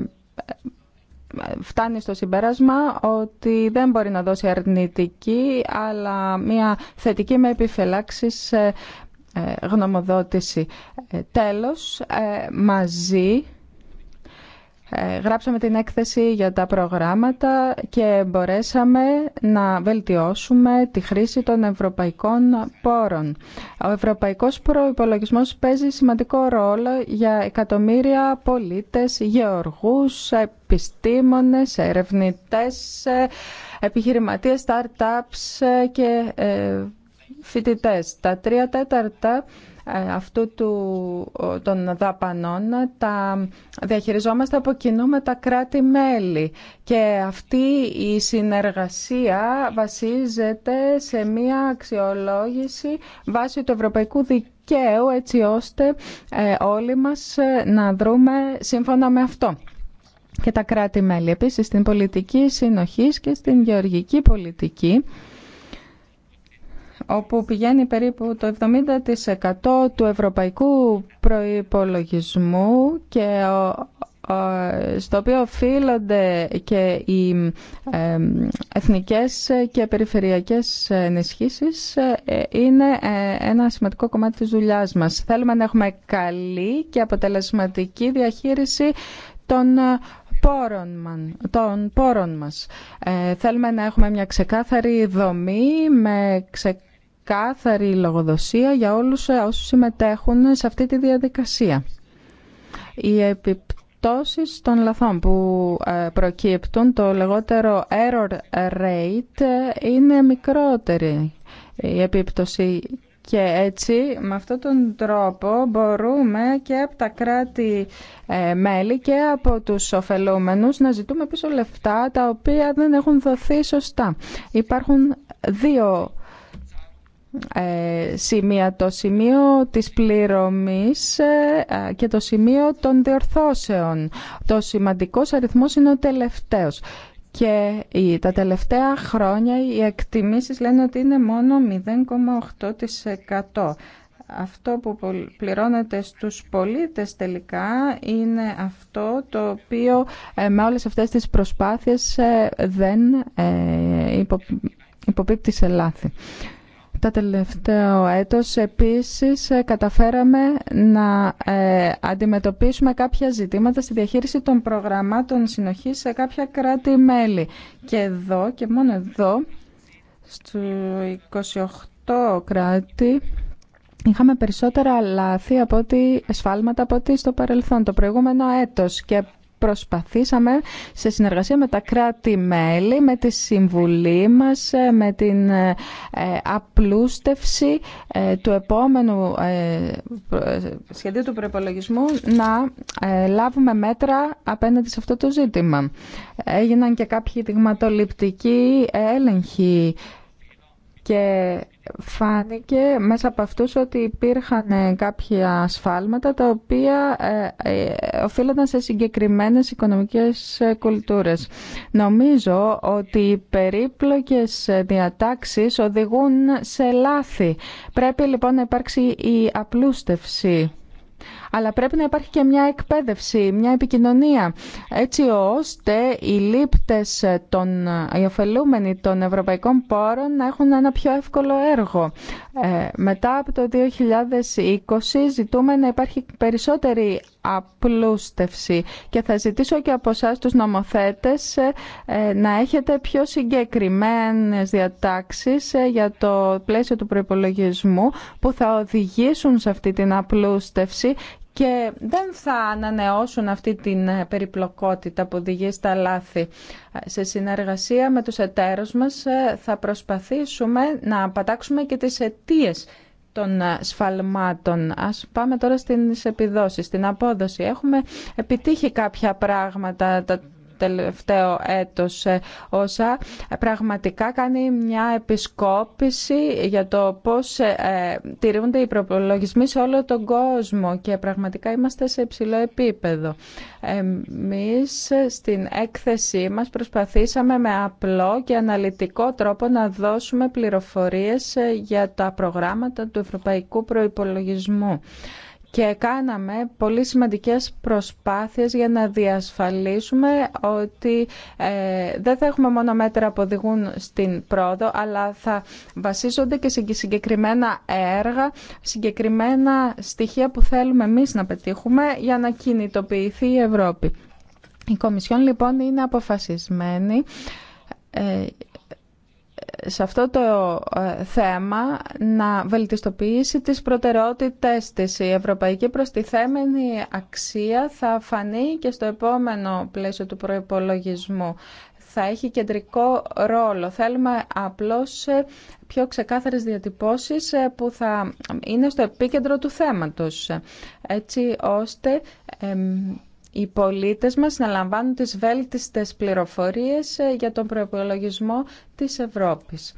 φτάνει στο συμπέρασμα ότι δεν μπορεί να δώσει αρνητική αλλά μια θετική με επιφελάξεις ε, ε, γνωμοδότηση. Τέλος, μαζί ε, γράψαμε την έκθεση για τα προγράμματα και μπορέσαμε να βελτιώσουμε τη χρήση των ευρωπαϊκών πόρων. Ο ευρωπαϊκός προϋπολογισμός παίζει σημαντικό ρόλο για εκατομμύρια πολίτες, γεωργούς, επιστήμονες, ερευνητές, ε, επιχειρηματίες, startups ε, και φοιτητές. Τα τρία τέταρτα ε, αυτού του, των δαπανών τα διαχειριζόμαστε από κοινού με τα κράτη-μέλη και αυτή η συνεργασία βασίζεται σε μία αξιολόγηση βάσει του ευρωπαϊκού δικαίου έτσι ώστε ε, όλοι μας ε, να δρούμε σύμφωνα με αυτό και τα κράτη-μέλη. Επίσης, στην πολιτική συνοχής και στην γεωργική πολιτική όπου πηγαίνει περίπου το 70% του ευρωπαϊκού προϋπολογισμού και στο οποίο οφείλονται και οι εθνικές και περιφερειακές ενισχύσεις ε, είναι ε, ένα σημαντικό κομμάτι της δουλειάς μας. Θέλουμε να έχουμε καλή και αποτελεσματική διαχείριση των ε, των πόρων μας. Θέλουμε να έχουμε μια ξεκάθαρη δομή με ξεκάθαρη καθαρή λογοδοσία για όλους ε, όσους συμμετέχουν σε αυτή τη διαδικασία. Οι επιπτώσεις των λαθών που ε, προκύπτουν, το λεγότερο error rate, ε, είναι μικρότερη η επίπτωση και έτσι με αυτόν τον τρόπο μπορούμε και από τα κράτη μέλη και από τους ωφελούμενους να ζητούμε πίσω λεφτά τα οποία δεν έχουν δοθεί σωστά. Υπάρχουν δύο ε, σημεία. Το σημείο της πληρωμής ε, και το σημείο των διορθώσεων. Το σημαντικός αριθμός είναι ο τελευταίος. Και τα τελευταία χρόνια οι εκτιμήσεις λένε ότι είναι μόνο 0,8%. Αυτό που πληρώνεται στους πολίτες τελικά είναι αυτό το οποίο ε, με όλες αυτές τις προσπάθειες δεν υποπίπτει σε λάθη τα τελευταία έτος επίσης ε, καταφέραμε να ε, αντιμετωπίσουμε κάποια ζητήματα στη διαχείριση των προγραμμάτων συνοχής σε κάποια κράτη-μέλη. Και εδώ και μόνο εδώ, στο 28 κράτη, είχαμε περισσότερα λάθη από ότι, σφάλματα από ότι στο παρελθόν, το προηγούμενο έτος. Και προσπαθήσαμε σε συνεργασία με τα κράτη-μέλη, με τη Συμβουλή μας, ε, με την ε, ε, απλούστευση του επόμενου σχεδίου του προπολογισμού να λάβουμε μέτρα απέναντι σε αυτό το ζήτημα. Έγιναν και κάποιοι δειγματοληπτικοί έλεγχοι και φάνηκε μέσα από αυτούς ότι υπήρχαν ε, κάποια ασφάλματα τα οποία ε, ε, οφείλονταν σε συγκεκριμένες οικονομικές κουλτούρες. Νομίζω ότι οι περίπλοκες διατάξεις οδηγούν σε λάθη. Πρέπει λοιπόν να υπάρξει η απλούστευση αλλά πρέπει να υπάρχει και μια εκπαίδευση, μια επικοινωνία, έτσι ώστε οι λήπτες, των, οι ωφελούμενοι των ευρωπαϊκών πόρων να έχουν ένα πιο εύκολο έργο. Ε, μετά από το 2020 ζητούμε να υπάρχει περισσότερη απλούστευση και θα ζητήσω και από εσά τους νομοθέτες ε, ε, να έχετε πιο συγκεκριμένες διατάξεις για το πλαίσιο του προϋπολογισμού που θα οδηγήσουν σε αυτή την απλούστευση και δεν θα ανανεώσουν αυτή την ε, περιπλοκότητα που οδηγεί στα λάθη. Ε, σε συνεργασία με τους εταίρους μας ε, θα προσπαθήσουμε να πατάξουμε και τις αιτίε των σφαλμάτων. Ας πάμε τώρα στις επιδόσεις, στην απόδοση. Έχουμε επιτύχει κάποια πράγματα τελευταίο έτος ε, όσα πραγματικά κάνει μια επισκόπηση για το πώς ε, ε, τηρούνται οι προπολογισμοί σε όλο τον κόσμο και πραγματικά είμαστε σε υψηλό επίπεδο. Εμείς στην έκθεσή μας προσπαθήσαμε με απλό και αναλυτικό τρόπο να δώσουμε πληροφορίες για τα προγράμματα του Ευρωπαϊκού Προϋπολογισμού και κάναμε πολύ σημαντικές προσπάθειες για να διασφαλίσουμε ότι ε, δεν θα έχουμε μόνο μέτρα που οδηγούν στην πρόοδο, αλλά θα βασίζονται και σε συγκεκριμένα έργα, συγκεκριμένα στοιχεία που θέλουμε εμείς να πετύχουμε για να κινητοποιηθεί η Ευρώπη. Η Κομισιόν λοιπόν είναι αποφασισμένη ε, σε αυτό το ε, θέμα να βελτιστοποιήσει τις προτεραιότητες της. Η ευρωπαϊκή προστιθέμενη αξία θα φανεί και στο επόμενο πλαίσιο του προϋπολογισμού. Θα έχει κεντρικό ρόλο. Θέλουμε απλώς ε, πιο ξεκάθαρες διατυπώσεις ε, που θα είναι στο επίκεντρο του θέματος, έτσι ώστε οι πολίτες μας να λαμβάνουν τις βέλτιστες πληροφορίες ε, για τον προπολογισμό της Ευρώπης.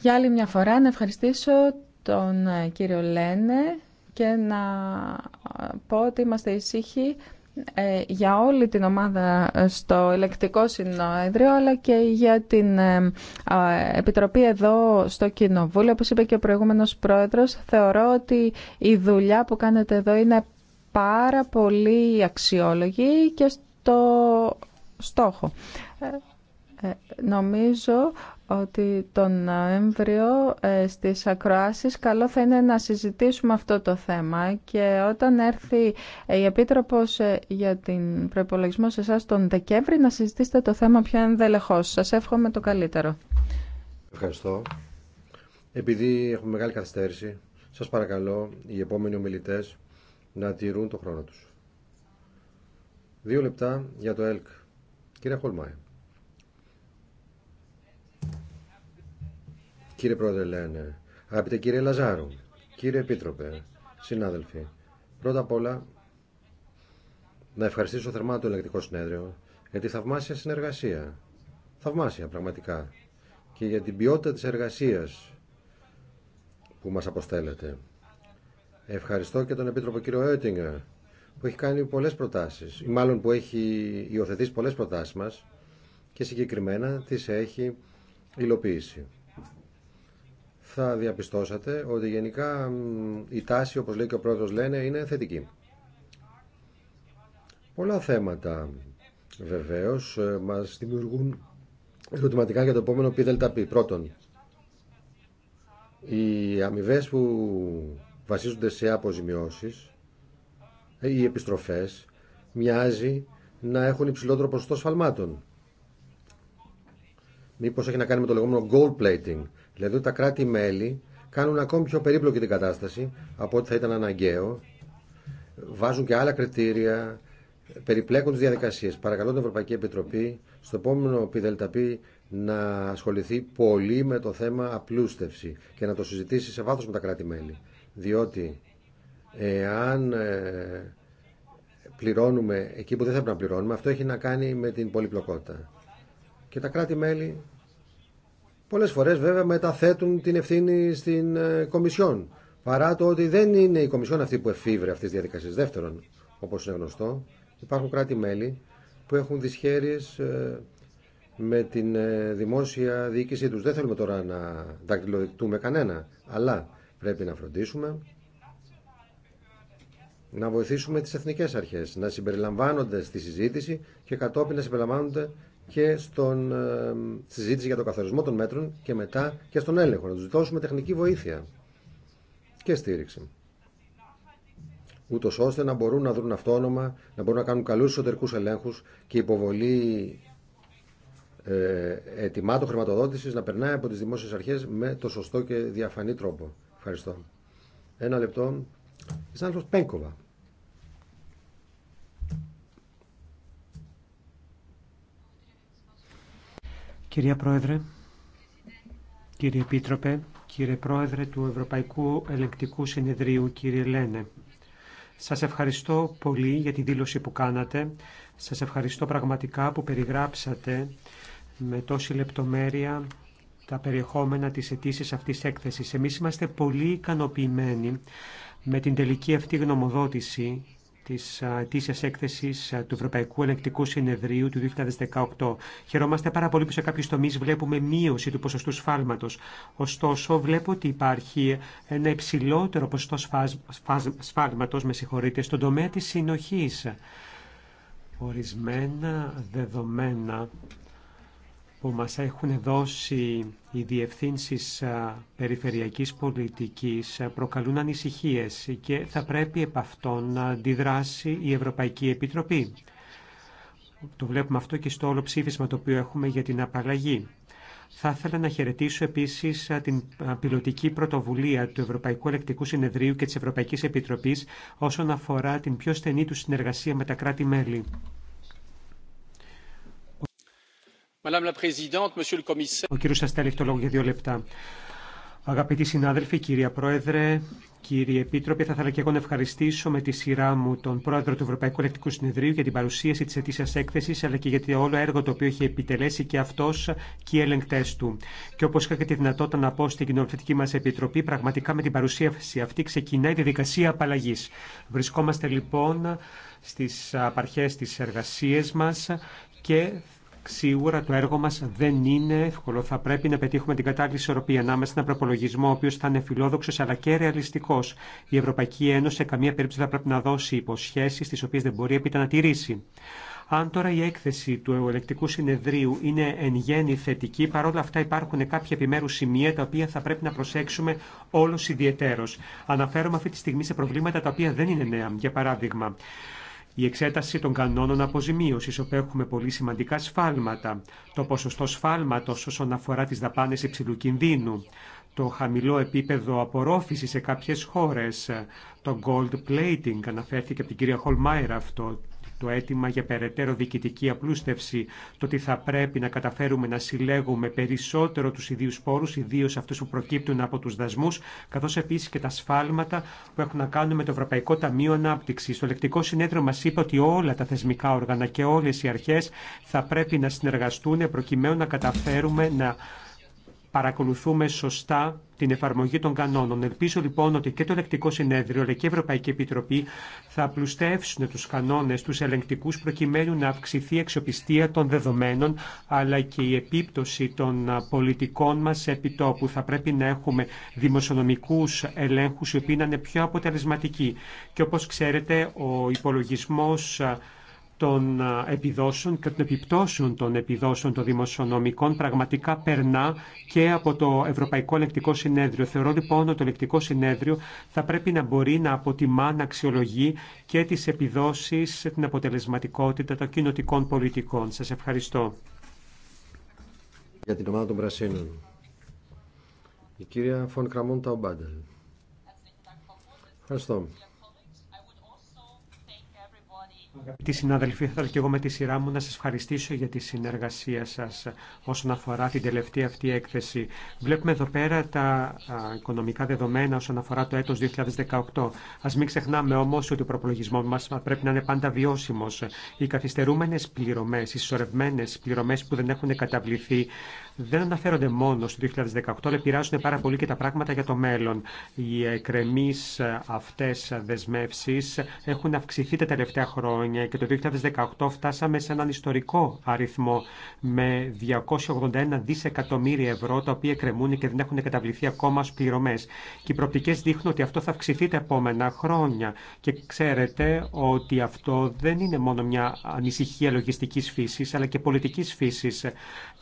Για άλλη μια φορά να ευχαριστήσω τον ε, κύριο Λένε και να ε, πω ότι είμαστε ησύχοι για όλη την ομάδα στο Ελεκτικό συνόδριο αλλά και για την Επιτροπή εδώ στο Κοινοβούλιο. Όπως είπε και ο προηγούμενος πρόεδρος, θεωρώ ότι η δουλειά που κάνετε εδώ είναι πάρα πολύ αξιόλογοι και στο στόχο. Ε, ε, νομίζω ότι τον Νοέμβριο ε, στις ακροάσεις καλό θα είναι να συζητήσουμε αυτό το θέμα και όταν έρθει η Επίτροπος για την προπολογισμό σε εσά τον Δεκέμβρη να συζητήσετε το θέμα πιο ενδελεχώς. Σας εύχομαι το καλύτερο. Ευχαριστώ. Επειδή έχουμε μεγάλη καθυστέρηση, σας παρακαλώ οι επόμενοι ομιλητές να τηρούν το χρόνο τους. Δύο λεπτά για το ΕΛΚ. Κύριε Χολμάη. Κύριε Πρόεδρε Λένε, αγαπητέ κύριε Λαζάρου, κύριε Επίτροπε, συνάδελφοι, πρώτα απ' όλα να ευχαριστήσω θερμά το Ελεκτικό συνέδριο για τη θαυμάσια συνεργασία. Θαυμάσια πραγματικά. Και για την ποιότητα της εργασίας που μας αποστέλλεται. Ευχαριστώ και τον Επίτροπο κύριο Έτιγκερ που έχει κάνει πολλέ προτάσεις, ή μάλλον που έχει υιοθετήσει πολλές προτάσεις μας και συγκεκριμένα τις έχει υλοποιήσει. Θα διαπιστώσατε ότι γενικά η τάση, όπως λέει και ο πρόεδρος λένε, είναι θετική. Πολλά θέματα βεβαίως ε, μας δημιουργούν ερωτηματικά για το επόμενο ΠΔΠ. Πρώτον, οι αμοιβέ που βασίζονται σε αποζημιώσεις ή επιστροφές μοιάζει να έχουν υψηλότερο ποσοστό σφαλμάτων. Μήπως έχει να κάνει με το λεγόμενο gold plating, δηλαδή ότι τα κράτη-μέλη κάνουν ακόμη πιο περίπλοκη την κατάσταση από ό,τι θα ήταν αναγκαίο, βάζουν και άλλα κριτήρια, περιπλέκουν τις διαδικασίες. Παρακαλώ την Ευρωπαϊκή Επιτροπή στο επόμενο πιδελταπή να ασχοληθεί πολύ με το θέμα απλούστευση και να το συζητήσει σε βάθος με τα κράτη-μέλη. Διότι εάν ε, πληρώνουμε εκεί που δεν θα πρέπει να πληρώνουμε, αυτό έχει να κάνει με την πολυπλοκότητα. Και τα κράτη-μέλη πολλές φορές βέβαια μεταθέτουν την ευθύνη στην ε, Κομισιόν. Παρά το ότι δεν είναι η Κομισιόν αυτή που εφήβρε αυτές τις διαδικασίες. Δεύτερον, όπως είναι γνωστό, υπάρχουν κράτη-μέλη που έχουν δυσχέρειες ε, με την δημόσια διοίκησή τους. Δεν θέλουμε τώρα να δακτυλοδεικτούμε κανένα, αλλά Πρέπει να φροντίσουμε να βοηθήσουμε τις εθνικές αρχές να συμπεριλαμβάνονται στη συζήτηση και κατόπιν να συμπεριλαμβάνονται και στον, ε, στη συζήτηση για το καθορισμό των μέτρων και μετά και στον έλεγχο. Να τους δώσουμε τεχνική βοήθεια και στήριξη. Ούτως ώστε να μπορούν να δουν αυτόνομα, να μπορούν να κάνουν καλούς εσωτερικούς ελέγχους και υποβολή ε, ετοιμάτων χρηματοδότησης να περνάει από τις δημόσιες αρχές με το σωστό και διαφανή τρόπο. Ευχαριστώ. Ένα λεπτό. Η Πέγκοβα. Πένκοβα. Κυρία Πρόεδρε, κύριε Επίτροπε, κύριε Πρόεδρε του Ευρωπαϊκού Ελεγκτικού Συνεδρίου, κύριε Λένε. Σας ευχαριστώ πολύ για τη δήλωση που κάνατε. Σας ευχαριστώ πραγματικά που περιγράψατε με τόση λεπτομέρεια τα περιεχόμενα της αιτήσει αυτής έκθεσης. Εμείς είμαστε πολύ ικανοποιημένοι με την τελική αυτή γνωμοδότηση της αιτήσιας έκθεσης του Ευρωπαϊκού Ελεκτικού Συνεδρίου του 2018. Χαιρόμαστε πάρα πολύ που σε κάποιους τομείς βλέπουμε μείωση του ποσοστού σφάλματος. Ωστόσο, βλέπω ότι υπάρχει ένα υψηλότερο ποσοστό σφάλματος, με συγχωρείτε, στον τομέα της συνοχής. Ορισμένα δεδομένα που μας έχουν δώσει οι διευθύνσεις περιφερειακής πολιτικής προκαλούν ανησυχίες και θα πρέπει επ' αυτό να αντιδράσει η Ευρωπαϊκή Επιτροπή. Το βλέπουμε αυτό και στο όλο ψήφισμα το οποίο έχουμε για την απαλλαγή. Θα ήθελα να χαιρετήσω επίσης την πιλωτική πρωτοβουλία του Ευρωπαϊκού Ελεκτικού Συνεδρίου και της Ευρωπαϊκής Επιτροπής όσον αφορά την πιο στενή του συνεργασία με τα κράτη-μέλη. Ο κύριος Σαστέλη, έχει το λόγο για δύο λεπτά. Αγαπητοί συνάδελφοι, κυρία Πρόεδρε, κύριε Επίτροπε, θα ήθελα και εγώ να ευχαριστήσω με τη σειρά μου τον Πρόεδρο του Ευρωπαϊκού Ελεκτικού Συνεδρίου για την παρουσίαση τη ετήσια έκθεση, αλλά και για το όλο έργο το οποίο έχει επιτελέσει και αυτό και οι ελεγκτέ του. Και όπω είχα και τη δυνατότητα να πω στην κοινοβουλευτική μα επιτροπή, πραγματικά με την παρουσίαση αυτή ξεκινάει η διαδικασία απαλλαγή. Βρισκόμαστε λοιπόν στι απαρχέ τη εργασία μα και Σίγουρα το έργο μα δεν είναι εύκολο. Θα πρέπει να πετύχουμε την κατάλληλη ισορροπία ανάμεσα σε ένα προπολογισμό ο οποίο θα είναι φιλόδοξο αλλά και ρεαλιστικό. Η Ευρωπαϊκή Ένωση σε καμία περίπτωση θα πρέπει να δώσει υποσχέσει τι οποίε δεν μπορεί επίτα να τηρήσει. Αν τώρα η έκθεση του ελεκτικού συνεδρίου είναι εν γέννη θετική, παρόλα αυτά υπάρχουν κάποια επιμέρου σημεία τα οποία θα πρέπει να προσέξουμε όλο ιδιαιτέρω. Αναφέρομαι αυτή τη στιγμή σε προβλήματα τα οποία δεν είναι νέα. Για παράδειγμα, η εξέταση των κανόνων αποζημίωσης, όπου έχουμε πολύ σημαντικά σφάλματα, το ποσοστό σφάλματος όσον αφορά τις δαπάνες υψηλού κινδύνου, το χαμηλό επίπεδο απορρόφησης σε κάποιες χώρες, το gold plating, αναφέρθηκε από την κυρία Χολμάιρα αυτό, το αίτημα για περαιτέρω διοικητική απλούστευση, το ότι θα πρέπει να καταφέρουμε να συλλέγουμε περισσότερο του ιδίου πόρου, ιδίω αυτού που προκύπτουν από του δασμού, καθώ επίση και τα σφάλματα που έχουν να κάνουν με το Ευρωπαϊκό Ταμείο Ανάπτυξη. Το λεκτικό συνέδριο μα είπε ότι όλα τα θεσμικά όργανα και όλε οι αρχέ θα πρέπει να συνεργαστούν προκειμένου να καταφέρουμε να παρακολουθούμε σωστά την εφαρμογή των κανόνων. Ελπίζω λοιπόν ότι και το Ελεκτικό Συνέδριο αλλά και η Ευρωπαϊκή Επιτροπή θα πλουστεύσουν του κανόνε του ελεγκτικούς προκειμένου να αυξηθεί η αξιοπιστία των δεδομένων αλλά και η επίπτωση των πολιτικών μας επιτόπου. Θα πρέπει να έχουμε δημοσιονομικού ελέγχου οι οποίοι να είναι πιο αποτελεσματικοί. Και όπω ξέρετε ο υπολογισμό των επιδόσεων και των επιπτώσεων των επιδόσεων των δημοσιονομικών πραγματικά περνά και από το Ευρωπαϊκό Ελεκτικό Συνέδριο. Θεωρώ λοιπόν ότι το Ελεκτικό Συνέδριο θα πρέπει να μπορεί να αποτιμά, να αξιολογεί και τις επιδόσεις, την αποτελεσματικότητα των κοινοτικών πολιτικών. Σας ευχαριστώ. Για την ομάδα των Η κυρία Ευχαριστώ. Αγαπητοί συνάδελφοι, θα ήθελα και εγώ με τη σειρά μου να σας ευχαριστήσω για τη συνεργασία σας όσον αφορά την τελευταία αυτή έκθεση. Βλέπουμε εδώ πέρα τα οικονομικά δεδομένα όσον αφορά το έτος 2018. Ας μην ξεχνάμε όμως ότι ο προπολογισμό μας πρέπει να είναι πάντα βιώσιμος. Οι καθυστερούμενες πληρωμές, οι συσσωρευμένες πληρωμές που δεν έχουν καταβληθεί δεν αναφέρονται μόνο στο 2018, αλλά επηρεάζουν πάρα πολύ και τα πράγματα για το μέλλον. Οι εκρεμείς αυτές δεσμεύσεις έχουν αυξηθεί τα τελευταία χρόνια χρόνια και το 2018 φτάσαμε σε έναν ιστορικό αριθμό με 281 δισεκατομμύρια ευρώ τα οποία κρεμούν και δεν έχουν καταβληθεί ακόμα ως πληρωμές. Και οι προπτικές δείχνουν ότι αυτό θα αυξηθεί τα επόμενα χρόνια και ξέρετε ότι αυτό δεν είναι μόνο μια ανησυχία λογιστικής φύσης αλλά και πολιτικής φύσης.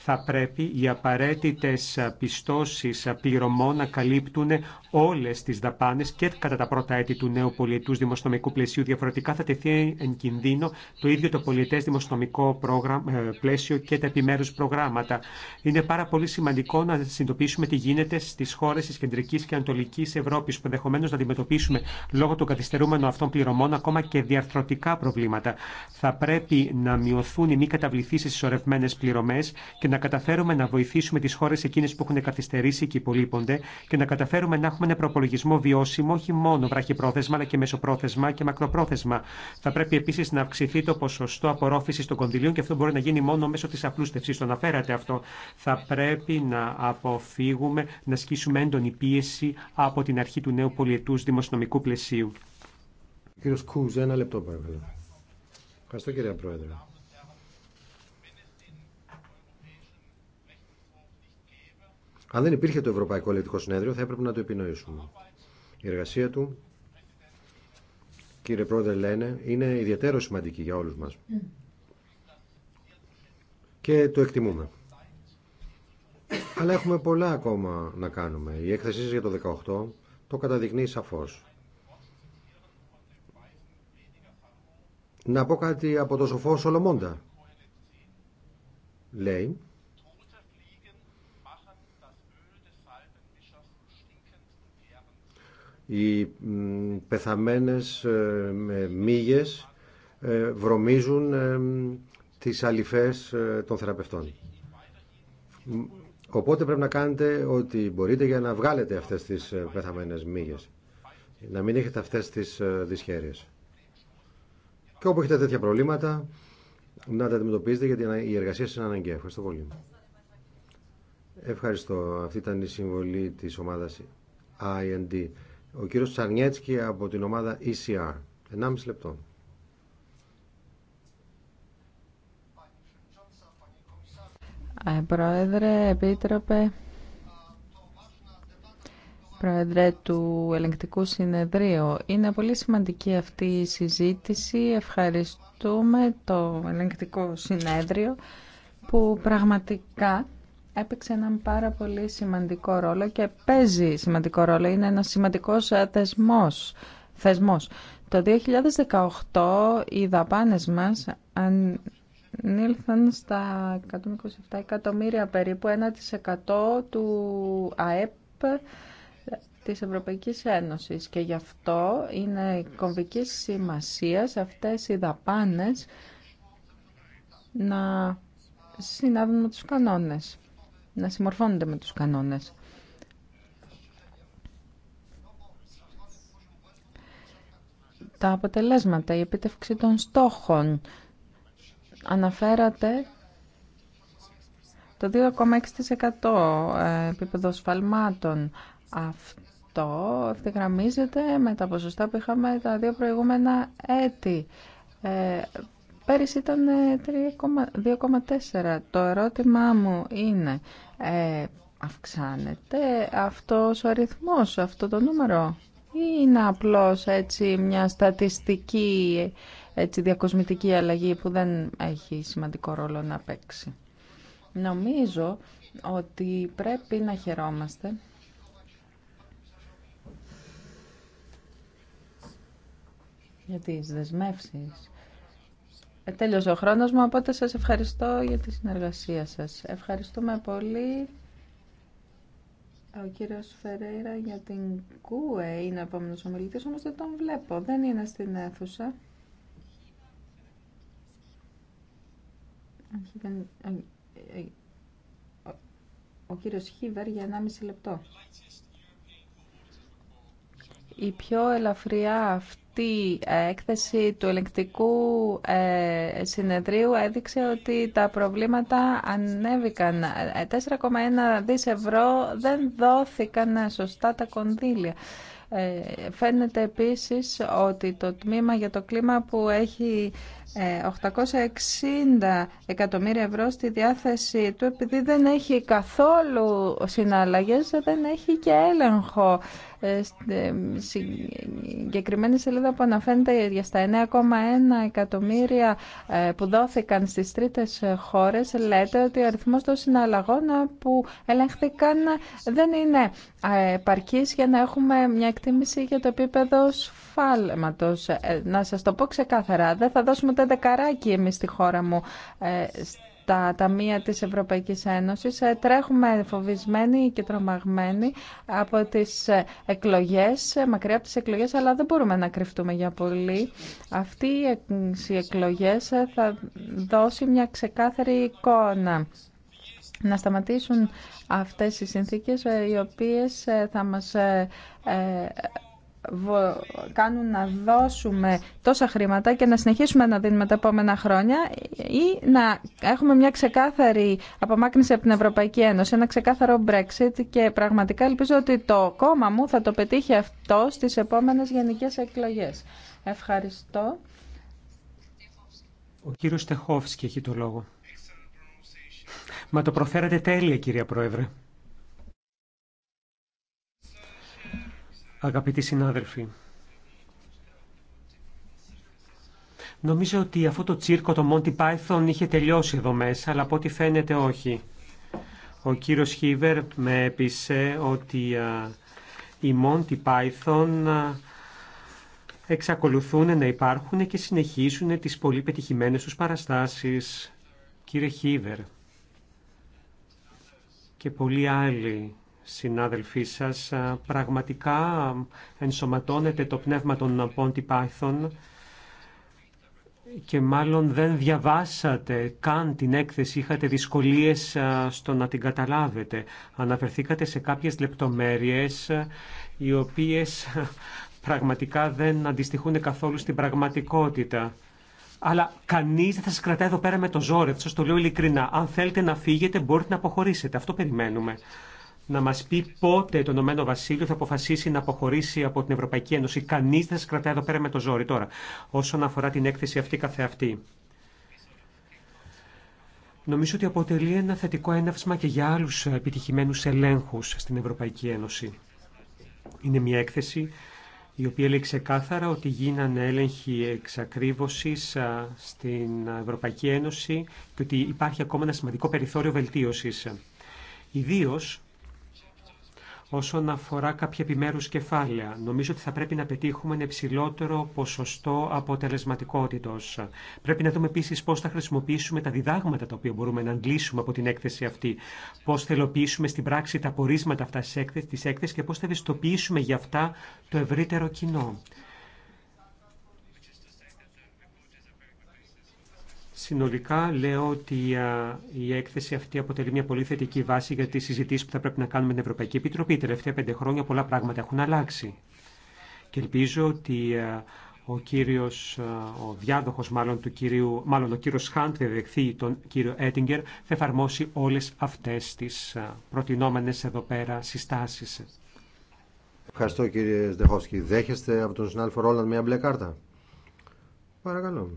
Θα πρέπει οι απαραίτητες πιστώσεις πληρωμών να καλύπτουν όλες τις δαπάνες και κατά τα πρώτα έτη του νέου πολιτού δημοσιονομικού πλαισίου διαφορετικά θα τεθεί εν κινδύνο το ίδιο το πολιτες δημοσιονομικό ε, πλαίσιο και τα επιμέρους προγράμματα. Είναι πάρα πολύ σημαντικό να συνειδητοποιήσουμε τι γίνεται στις χώρες της κεντρικής και ανατολικής Ευρώπης που ενδεχομένω να αντιμετωπίσουμε λόγω των καθυστερούμενων αυτών πληρωμών ακόμα και διαρθρωτικά προβλήματα. Θα πρέπει να μειωθούν οι μη καταβληθήσει ορευμένε πληρωμέ και να καταφέρουμε να βοηθήσουμε τι χώρε εκείνε που έχουν καθυστερήσει και υπολείπονται και να καταφέρουμε να έχουμε ένα προπολογισμό βιώσιμο όχι μόνο βραχυπρόθεσμα αλλά και μεσοπρόθεσμα και μακροπρόθεσμα. Θα πρέπει επίση επίση να αυξηθεί το ποσοστό απορρόφηση των κονδυλίων και αυτό μπορεί να γίνει μόνο μέσω τη απλούστευση. Το αναφέρατε αυτό. Θα πρέπει να αποφύγουμε να ασκήσουμε έντονη πίεση από την αρχή του νέου πολιετού δημοσιονομικού πλαισίου. Κύριο Κούζ, ένα λεπτό παρακαλώ. Ευχαριστώ κύριε Πρόεδρε. Αν δεν υπήρχε το Ευρωπαϊκό Ελληνικό Συνέδριο, θα έπρεπε να το επινοήσουμε. Η εργασία του κύριε Πρόεδρε, λένε είναι ιδιαίτερο σημαντική για όλους μας. Και το εκτιμούμε. Αλλά έχουμε πολλά ακόμα να κάνουμε. Η έκθεσή σας για το 18 το καταδεικνύει σαφώς. Να πω κάτι από το σοφό Σολομόντα. Λέει Οι πεθαμένες ε, μύγες ε, βρωμίζουν ε, τις αλυφές των θεραπευτών. Οπότε πρέπει να κάνετε ό,τι μπορείτε για να βγάλετε αυτές τις πεθαμένες μύγες. Να μην έχετε αυτές τις δυσχέρειες. Και όπου έχετε τέτοια προβλήματα, να τα αντιμετωπίζετε γιατί η εργασία σας είναι αναγκαία. Ευχαριστώ πολύ. Ευχαριστώ. Αυτή ήταν η συμβολή της ομάδας IND. Ο κύριος Τσαρνιέτσκι από την ομάδα ECR. 1,5 λεπτό. Ε, πρόεδρε, Επίτροπε, Πρόεδρε του Ελεγκτικού Συνεδρίου. Είναι πολύ σημαντική αυτή η συζήτηση. Ευχαριστούμε το Ελεγκτικό Συνέδριο που πραγματικά έπαιξε έναν πάρα πολύ σημαντικό ρόλο και παίζει σημαντικό ρόλο. Είναι ένας σημαντικός ε, θεσμός. Το 2018 οι δαπάνες μας ανήλθαν στα 127 εκατομμύρια περίπου 1% του ΑΕΠ της Ευρωπαϊκής Ένωσης και γι' αυτό είναι κομβική σημασία αυτές οι δαπάνες να συνάδουν με τους κανόνες να συμμορφώνονται με τους κανόνες. Τα αποτελέσματα, η επίτευξη των στόχων. Αναφέρατε το 2,6% ε, επίπεδο σφαλμάτων. Αυτό ευθυγραμμίζεται με τα ποσοστά που είχαμε τα δύο προηγούμενα έτη. Ε, πέρυσι ήταν 2,4. Ε, το ερώτημά μου είναι ε, αυξάνεται αυτός ο αριθμός, αυτό το νούμερο ή είναι απλώς έτσι μια στατιστική έτσι, διακοσμητική αλλαγή που δεν έχει σημαντικό ρόλο να παίξει. Νομίζω ότι πρέπει να χαιρόμαστε για τις δεσμεύσεις ε, τέλειωσε ο χρόνος μου, οπότε σας ευχαριστώ για τη συνεργασία σας. Ευχαριστούμε πολύ. Ε, ο κύριος Φερέιρα για την ΚΟΕ είναι ο ομιλητής, όμως δεν τον βλέπω. Δεν είναι στην αίθουσα. Ε, ο κύριος Χίβερ για 1,5 λεπτό. Η πιο ελαφριά αυτή η έκθεση του ελεγκτικού ε, συνεδρίου έδειξε ότι τα προβλήματα ανέβηκαν. 4,1 ε, δις ευρώ δεν δόθηκαν σωστά τα κονδύλια. Ε, φαίνεται επίσης ότι το τμήμα για το κλίμα που έχει 860 εκατομμύρια ευρώ στη διάθεση του επειδή δεν έχει καθόλου συναλλαγές, δεν έχει και έλεγχο. Ε, συγκεκριμένη σελίδα που αναφέρεται για στα 9,1 εκατομμύρια ε, που δόθηκαν στις τρίτες ε, χώρες λέτε ότι ο αριθμός των συναλλαγών που ελέγχθηκαν δεν είναι επαρκής για να έχουμε μια εκτίμηση για το επίπεδο σφάλματος. Να σας το πω ξεκάθαρα, δεν θα δώσουμε ούτε δεκαράκι εμείς στη χώρα μου τα ταμεία της Ευρωπαϊκής Ένωσης. Ε, τρέχουμε φοβισμένοι και τρομαγμένοι από τις ε, εκλογές, ε, μακριά από τις εκλογές, αλλά δεν μπορούμε να κρυφτούμε για πολύ. Αυτή οι εκλογές θα δώσει μια ξεκάθαρη εικόνα να σταματήσουν αυτές οι συνθήκες οι οποίες θα μας κάνουν να δώσουμε τόσα χρήματα και να συνεχίσουμε να δίνουμε τα επόμενα χρόνια ή να έχουμε μια ξεκάθαρη απομάκρυνση από την Ευρωπαϊκή Ένωση, ένα ξεκάθαρο Brexit και πραγματικά ελπίζω ότι το κόμμα μου θα το πετύχει αυτό στις επόμενες γενικές εκλογές. Ευχαριστώ. Ο κύριος Στεχόφσκι έχει το λόγο. Μα το προφέρατε τέλεια, κυρία Πρόεδρε. Αγαπητοί συνάδελφοι, νομίζω ότι αυτό το τσίρκο το Monty Python είχε τελειώσει εδώ μέσα, αλλά από ό,τι φαίνεται όχι. Ο κύριος Χίβερ με έπεισε ότι οι Monty Python εξακολουθούν να υπάρχουν και συνεχίσουν τις πολύ πετυχημένες τους παραστάσεις. Κύριε Χίβερ και πολλοί άλλοι συνάδελφοί σας, πραγματικά ενσωματώνεται το πνεύμα των Ponty Python και μάλλον δεν διαβάσατε καν την έκθεση, είχατε δυσκολίες στο να την καταλάβετε. Αναφερθήκατε σε κάποιες λεπτομέρειες οι οποίες πραγματικά δεν αντιστοιχούν καθόλου στην πραγματικότητα. Αλλά κανείς δεν θα σα κρατάει εδώ πέρα με το ζόρι. Σα το λέω ειλικρινά. Αν θέλετε να φύγετε, μπορείτε να αποχωρήσετε. Αυτό περιμένουμε να μας πει πότε το Ηνωμένο Βασίλειο θα αποφασίσει να αποχωρήσει από την Ευρωπαϊκή Ένωση. Κανείς δεν σας κρατάει εδώ πέρα με το ζόρι τώρα, όσον αφορά την έκθεση αυτή καθεαυτή. Νομίζω ότι αποτελεί ένα θετικό έναυσμα και για άλλους επιτυχημένους ελέγχους στην Ευρωπαϊκή Ένωση. Είναι μια έκθεση η οποία λέει ξεκάθαρα ότι γίνανε έλεγχοι εξακρίβωσης στην Ευρωπαϊκή Ένωση και ότι υπάρχει ακόμα ένα σημαντικό περιθώριο βελτίωσης. Ιδίως όσον αφορά κάποια επιμέρους κεφάλαια. Νομίζω ότι θα πρέπει να πετύχουμε ένα υψηλότερο ποσοστό αποτελεσματικότητος. Πρέπει να δούμε επίσης πώς θα χρησιμοποιήσουμε τα διδάγματα τα οποία μπορούμε να αντλήσουμε από την έκθεση αυτή, πώς θα στην πράξη τα πορίσματα αυτά της έκθεσης και πώς θα ευαισθητοποιήσουμε για αυτά το ευρύτερο κοινό. Συνολικά λέω ότι η έκθεση αυτή αποτελεί μια πολύ θετική βάση για τις συζητήσεις που θα πρέπει να κάνουμε με την Ευρωπαϊκή Επιτροπή. Τα τελευταία πέντε χρόνια πολλά πράγματα έχουν αλλάξει. Και ελπίζω ότι ο κύριος, ο διάδοχος μάλλον του κυρίου, μάλλον ο κύριος Χάντ θα δεχθεί τον κύριο Έτιγκερ, θα εφαρμόσει όλες αυτές τις προτινόμενες εδώ πέρα συστάσεις. Ευχαριστώ κύριε Σδεχόσκη. Δέχεστε από τον συνάδελφο Ρόλαντ μια μπλε κάρτα. Παρακαλώ.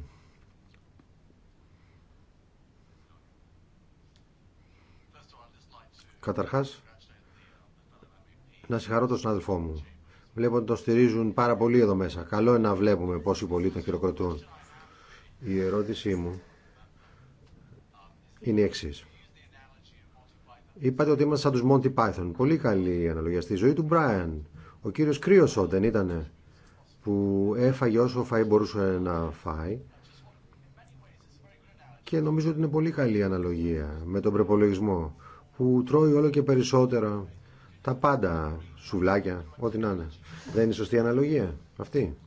Καταρχάς, να συγχαρώ τον συνάδελφό μου. Βλέπω ότι το στηρίζουν πάρα πολύ εδώ μέσα. Καλό είναι να βλέπουμε πόσοι πολλοί τον χειροκροτούν. Η ερώτησή μου είναι η εξή. Είπατε ότι είμαστε σαν του Monty Python. Πολύ καλή η αναλογία στη ζωή του Brian. Ο κύριος Κρύος δεν ήταν που έφαγε όσο φάει μπορούσε να φάει και νομίζω ότι είναι πολύ καλή η αναλογία με τον προπολογισμό που τρώει όλο και περισσότερα τα πάντα, σουβλάκια, ό,τι να είναι. Δεν είναι σωστή αναλογία αυτή.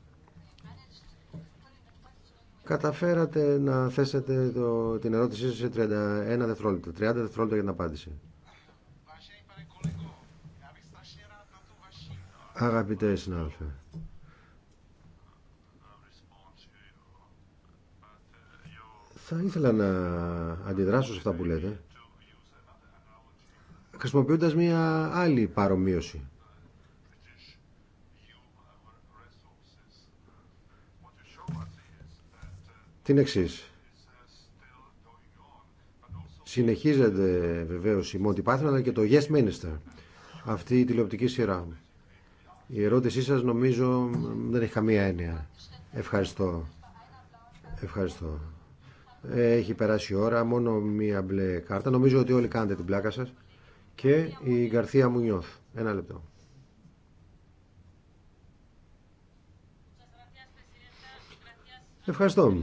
Καταφέρατε να θέσετε το, την ερώτησή σας σε 31 δευτερόλεπτα, 30 δευτερόλεπτα για την απάντηση. Αγαπητέ συνάδελφε, θα ήθελα να αντιδράσω σε αυτά που λέτε, χρησιμοποιώντας μια άλλη παρομοίωση. Την εξής. Συνεχίζεται βεβαίως η Μόντι Πάθρα αλλά και το Yes Minister. Αυτή η τηλεοπτική σειρά. Η ερώτησή σας νομίζω δεν έχει καμία έννοια. Ευχαριστώ. Ευχαριστώ. Έχει περάσει η ώρα, μόνο μία μπλε κάρτα. Νομίζω ότι όλοι κάνετε την πλάκα σας και η Γκαρθία Μουνιώθ. Ένα λεπτό. Ευχαριστώ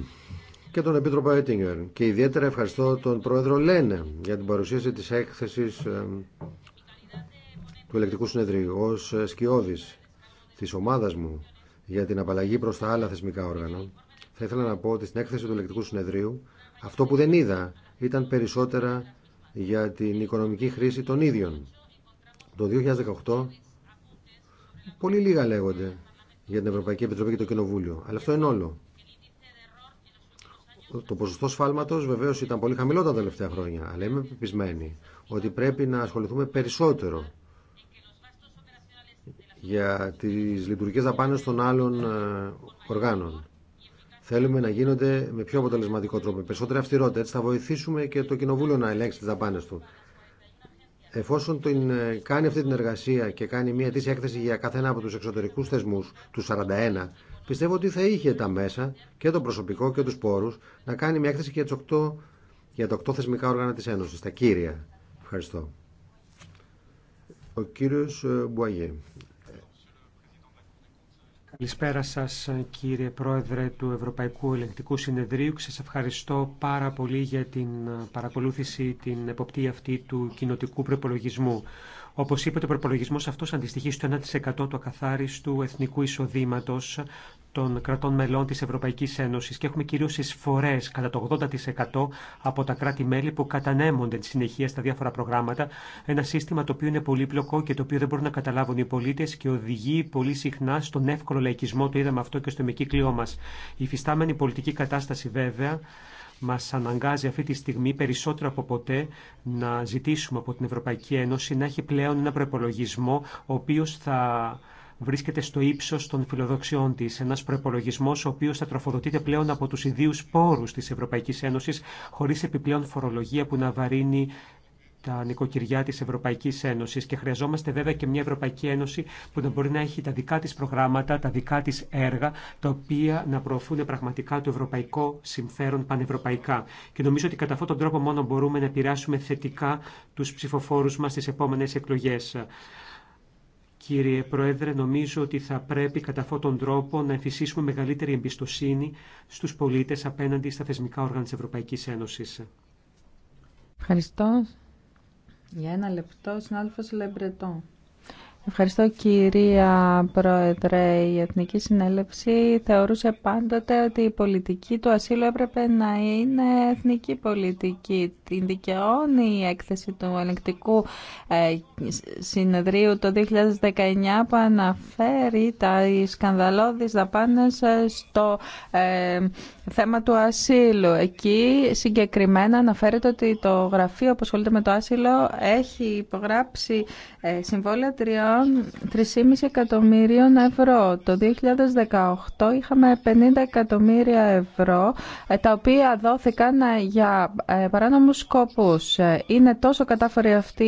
και τον Επίτροπο Έτιγκερ και ιδιαίτερα ευχαριστώ τον Πρόεδρο Λένε για την παρουσίαση της έκθεσης ε, του Ελεκτικού Συνεδρίου ως σκιώδης της ομάδας μου για την απαλλαγή προς τα άλλα θεσμικά όργανα. Θα ήθελα να πω ότι στην έκθεση του Ελεκτικού Συνεδρίου αυτό που δεν είδα ήταν περισσότερα για την οικονομική χρήση των ίδιων. Το 2018 πολύ λίγα λέγονται για την Ευρωπαϊκή Επιτροπή και το Κοινοβούλιο. Αλλά αυτό είναι όλο. Το ποσοστό σφάλματο βεβαίω ήταν πολύ χαμηλό τα τελευταία χρόνια. Αλλά είμαι πεπισμένη ότι πρέπει να ασχοληθούμε περισσότερο για τι λειτουργικές δαπάνε των άλλων ε, οργάνων. Θέλουμε να γίνονται με πιο αποτελεσματικό τρόπο, με περισσότερη αυστηρότητα. Έτσι θα βοηθήσουμε και το Κοινοβούλιο να ελέγξει τι δαπάνε του. Εφόσον την ε, κάνει αυτή την εργασία και κάνει μια αιτήσια έκθεση για κάθε ένα από του εξωτερικού θεσμού, του 41, πιστεύω ότι θα είχε τα μέσα και το προσωπικό και του πόρου να κάνει μια έκθεση και για τα 8 θεσμικά όργανα τη Ένωση, τα κύρια. Ευχαριστώ. Ο κύριος ε, Μπουαγέ, Καλησπέρα σας κύριε Πρόεδρε του Ευρωπαϊκού Ελεγκτικού Συνεδρίου Σα σας ευχαριστώ πάρα πολύ για την παρακολούθηση, την εποπτεία αυτή του κοινοτικού προπολογισμού. Όπω είπε, ο προπολογισμό αυτό αντιστοιχεί στο 1% του ακαθάριστου εθνικού εισοδήματο, των κρατών μελών της Ευρωπαϊκής Ένωσης και έχουμε κυρίως εισφορές κατά το 80% από τα κράτη-μέλη που κατανέμονται τη συνεχεία στα διάφορα προγράμματα, ένα σύστημα το οποίο είναι πολύπλοκο και το οποίο δεν μπορούν να καταλάβουν οι πολίτες και οδηγεί πολύ συχνά στον εύκολο λαϊκισμό, το είδαμε αυτό και στο μεκύκλειό μας. Η φυστάμενη πολιτική κατάσταση βέβαια μα αναγκάζει αυτή τη στιγμή περισσότερο από ποτέ να ζητήσουμε από την Ευρωπαϊκή Ένωση να έχει πλέον ένα προπολογισμό ο οποίο θα βρίσκεται στο ύψο των φιλοδοξιών τη, ένα προπολογισμό ο οποίο θα τροφοδοτείται πλέον από του ιδίου πόρου τη Ευρωπαϊκή Ένωση, χωρί επιπλέον φορολογία που να βαρύνει τα νοικοκυριά της Ευρωπαϊκής Ένωσης και χρειαζόμαστε βέβαια και μια Ευρωπαϊκή Ένωση που να μπορεί να έχει τα δικά της προγράμματα, τα δικά της έργα, τα οποία να προωθούν πραγματικά το ευρωπαϊκό συμφέρον πανευρωπαϊκά. Και νομίζω ότι κατά αυτόν τον τρόπο μόνο μπορούμε να επηρεάσουμε θετικά τους ψηφοφόρους μας στις επόμενες εκλογές. Κύριε Πρόεδρε, νομίζω ότι θα πρέπει κατά αυτόν τον τρόπο να εμφυσίσουμε μεγαλύτερη εμπιστοσύνη στους πολίτες απέναντι στα θεσμικά όργανα της Ευρωπαϊκής Ένωσης. Ευχαριστώ. Για ένα λεπτό, συνάδελφος Λεμπρετό. Ευχαριστώ κυρία Πρόεδρε. Η Εθνική Συνέλευση θεωρούσε πάντοτε ότι η πολιτική του ασύλου έπρεπε να είναι εθνική πολιτική την δικαιώνει η έκθεση του ελεγκτικού ε, συνεδρίου το 2019 που αναφέρει τα σκανδαλώδεις δαπάνες ε, στο ε, θέμα του ασύλου. Εκεί συγκεκριμένα αναφέρεται ότι το γραφείο που ασχολείται με το άσυλο έχει υπογράψει συμβόλαια 3,5 εκατομμύριων ευρώ. Το 2018 είχαμε 50 εκατομμύρια ευρώ τα οποία δόθηκαν για παράνομους σκοπούς. Ε, είναι τόσο κατάφορη αυτή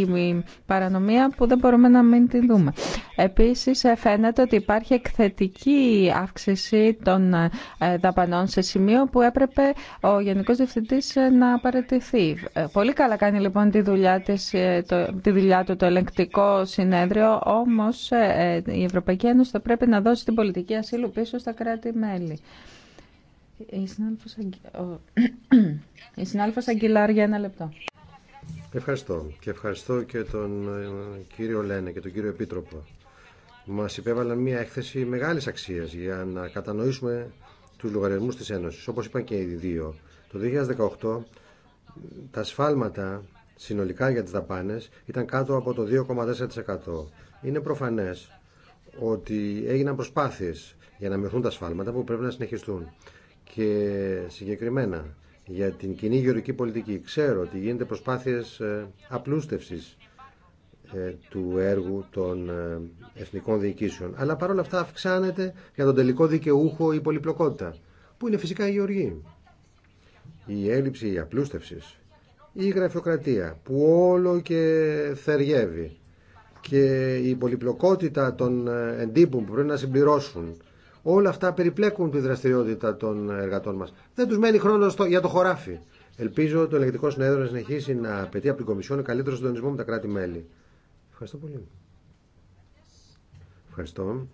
η παρανομία που δεν μπορούμε να μην τη δούμε. Επίσης ε, φαίνεται ότι υπάρχει εκθετική αύξηση των ε, δαπανών σε σημείο που έπρεπε ο Γενικός Διευθυντής να απαρατηθεί. Πολύ καλά κάνει λοιπόν τη δουλειά, της, τη δουλειά του το ελεγκτικό συνέδριο, όμως η Ευρωπαϊκή Ένωση θα πρέπει να δώσει την πολιτική ασύλου πίσω στα κράτη-μέλη. Η συνάδελφος, Η για ένα λεπτό. Ευχαριστώ. Και ευχαριστώ και τον ε, κύριο Λένε και τον κύριο Επίτροπο. Μας υπέβαλαν μια έκθεση μεγάλης αξίας για να κατανοήσουμε τους λογαριασμούς της Ένωσης. Όπως είπαν και οι δύο, το 2018 τα σφάλματα συνολικά για τις δαπάνες ήταν κάτω από το 2,4%. Είναι προφανές ότι έγιναν προσπάθειες για να μειωθούν τα σφάλματα που πρέπει να συνεχιστούν και συγκεκριμένα για την κοινή γεωρική πολιτική. Ξέρω ότι γίνεται προσπάθειες ε, απλούστευσης ε, του έργου των ε, εθνικών διοικήσεων. Αλλά παρόλα αυτά αυξάνεται για τον τελικό δικαιούχο η πολυπλοκότητα, που είναι φυσικά η γεωργή. Η έλλειψη η απλούστευσης, η γραφειοκρατία που όλο και θεριεύει και η πολυπλοκότητα των εντύπων που πρέπει να συμπληρώσουν Όλα αυτά περιπλέκουν τη δραστηριότητα των εργατών μα. Δεν του μένει χρόνο στο, για το χωράφι. Ελπίζω το ελεγκτικό συνέδριο να συνεχίσει να απαιτεί από την Κομισιόν καλύτερο συντονισμό με τα κράτη-μέλη. Ευχαριστώ πολύ. Ευχαριστώ.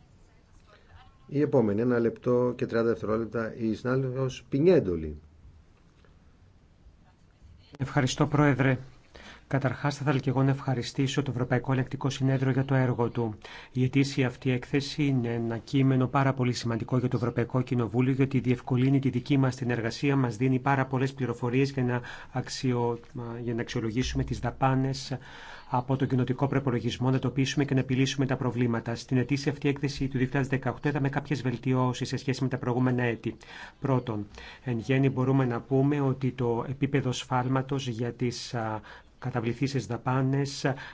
Η επόμενη, ένα λεπτό και 30 δευτερόλεπτα, η συνάδελφο Πινιέντολη. Ευχαριστώ, Πρόεδρε. Καταρχά, θα ήθελα και εγώ να ευχαριστήσω το Ευρωπαϊκό Ελεκτικό Συνέδριο για το έργο του. Η αιτήσια αυτή έκθεση είναι ένα κείμενο πάρα πολύ σημαντικό για το Ευρωπαϊκό Κοινοβούλιο, γιατί διευκολύνει τη δική μα την εργασία, μα δίνει πάρα πολλέ πληροφορίε για, να αξιο... αξιολογήσουμε τι δαπάνε από τον κοινοτικό προπολογισμό, να τοπίσουμε και να επιλύσουμε τα προβλήματα. Στην αιτήσια αυτή έκθεση του 2018 είδαμε κάποιε βελτιώσει σε σχέση με τα προηγούμενα έτη. Πρώτον, εν γέννη μπορούμε να πούμε ότι το επίπεδο σφάλματο για τι καταβληθεί στι δαπάνε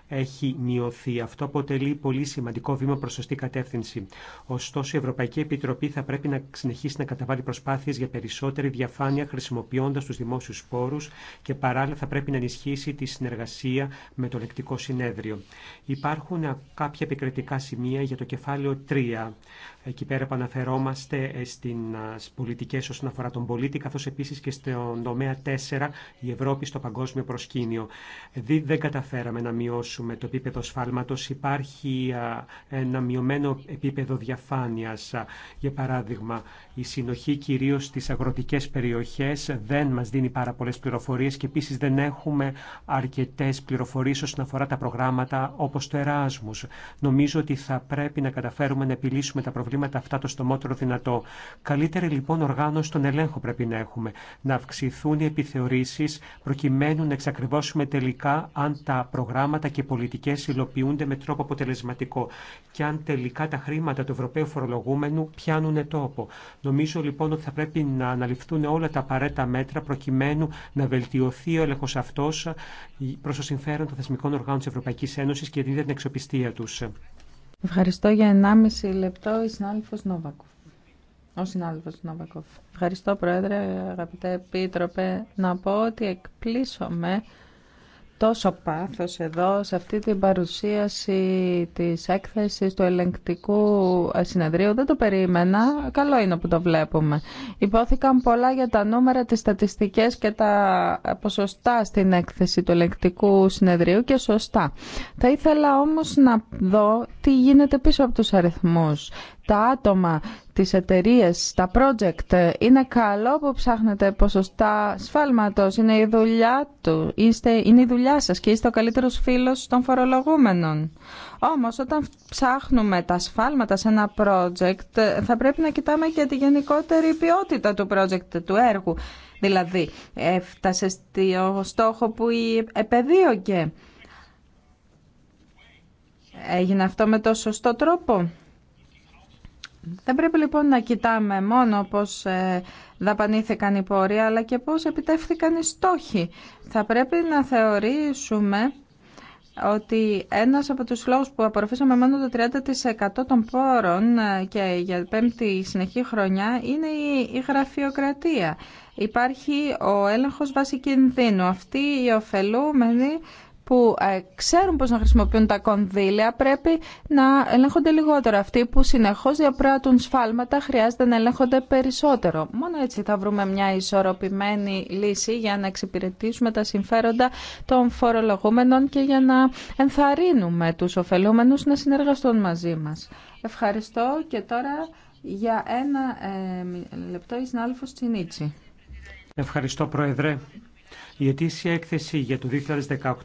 έχει μειωθεί. Αυτό αποτελεί πολύ σημαντικό βήμα προ σωστή κατεύθυνση. Ωστόσο, η Ευρωπαϊκή Επιτροπή θα πρέπει να συνεχίσει να καταβάλει προσπάθειε για περισσότερη διαφάνεια χρησιμοποιώντα του δημόσιου πόρου και παράλληλα θα πρέπει να ενισχύσει τη συνεργασία με το λεκτικό συνέδριο. Υπάρχουν κάποια επικριτικά σημεία για το κεφάλαιο 3. Εκεί πέρα επαναφερόμαστε ε, στι πολιτικέ όσον αφορά τον πολίτη, καθώ επίση και στον τομέα 4, η Ευρώπη στο παγκόσμιο προσκήνιο. Δεν καταφέραμε να μειώσουμε το επίπεδο σφάλματος. Υπάρχει ένα μειωμένο επίπεδο διαφάνεια. Για παράδειγμα, η συνοχή κυρίω στι αγροτικέ περιοχέ δεν μα δίνει πάρα πολλέ πληροφορίε και επίση δεν έχουμε αρκετέ πληροφορίε όσον αφορά τα προγράμματα όπω το Εράσμου. Νομίζω ότι θα πρέπει να καταφέρουμε να επιλύσουμε τα προβλήματα προβλήματα αυτά το στομότερο δυνατό. Καλύτερη λοιπόν οργάνωση των ελέγχων πρέπει να έχουμε. Να αυξηθούν οι επιθεωρήσει προκειμένου να εξακριβώσουμε τελικά αν τα προγράμματα και οι πολιτικέ υλοποιούνται με τρόπο αποτελεσματικό και αν τελικά τα χρήματα του Ευρωπαίου φορολογούμενου πιάνουν τόπο. Νομίζω λοιπόν ότι θα πρέπει να αναλυφθούν όλα τα απαραίτητα μέτρα προκειμένου να βελτιωθεί ο έλεγχο αυτό προ το συμφέρον των θεσμικών οργάνων τη Ευρωπαϊκή Ένωση και την εξοπιστία του. Ευχαριστώ για 1,5 λεπτό η συνάδελφο Νόβακοφ. Ο συνάδελφο Νόβακοφ. Ευχαριστώ Πρόεδρε, αγαπητέ Επίτροπε, να πω ότι εκπλήσωμαι τόσο πάθος εδώ σε αυτή την παρουσίαση της έκθεσης του ελεγκτικού ε, συνεδρίου. Δεν το περίμενα. Καλό είναι που το βλέπουμε. Υπόθηκαν πολλά για τα νούμερα, τις στατιστικές και τα ποσοστά στην έκθεση του ελεγκτικού συνεδρίου και σωστά. Θα ήθελα όμως να δω τι γίνεται πίσω από τους αριθμούς. Τα άτομα τις εταιρείες, τα project. Είναι καλό που ψάχνετε ποσοστά σφάλματος. Είναι η δουλειά του. Είστε, είναι η δουλειά σας και είστε ο καλύτερος φίλος των φορολογούμενων. Όμως όταν ψάχνουμε τα σφάλματα σε ένα project θα πρέπει να κοιτάμε και τη γενικότερη ποιότητα του project, του έργου. Δηλαδή, έφτασε στο στόχο που επεδίωκε. Έγινε αυτό με το σωστό τρόπο. Δεν πρέπει λοιπόν να κοιτάμε μόνο πώς ε, δαπανήθηκαν οι πόροι, αλλά και πώς επιτεύχθηκαν οι στόχοι. Θα πρέπει να θεωρήσουμε ότι ένας από τους λόγους που απορροφήσαμε μόνο το 30% των πόρων ε, και για πέμπτη συνεχή χρονιά είναι η γραφειοκρατία. Υπάρχει ο έλεγχος βάση κινδύνου. Αυτοί οι ωφελούμενοι που ε, ξέρουν πώς να χρησιμοποιούν τα κονδύλια πρέπει να ελέγχονται λιγότερο. Αυτοί που συνεχώς διαπράττουν σφάλματα χρειάζεται να ελέγχονται περισσότερο. Μόνο έτσι θα βρούμε μια ισορροπημένη λύση για να εξυπηρετήσουμε τα συμφέροντα των φορολογούμενων και για να ενθαρρύνουμε τους ωφελούμενους να συνεργαστούν μαζί μας. Ευχαριστώ και τώρα για ένα ε, λεπτό η συνάδελφος Τσινίτσι. Ευχαριστώ Πρόεδρε. Η ετήσια έκθεση για το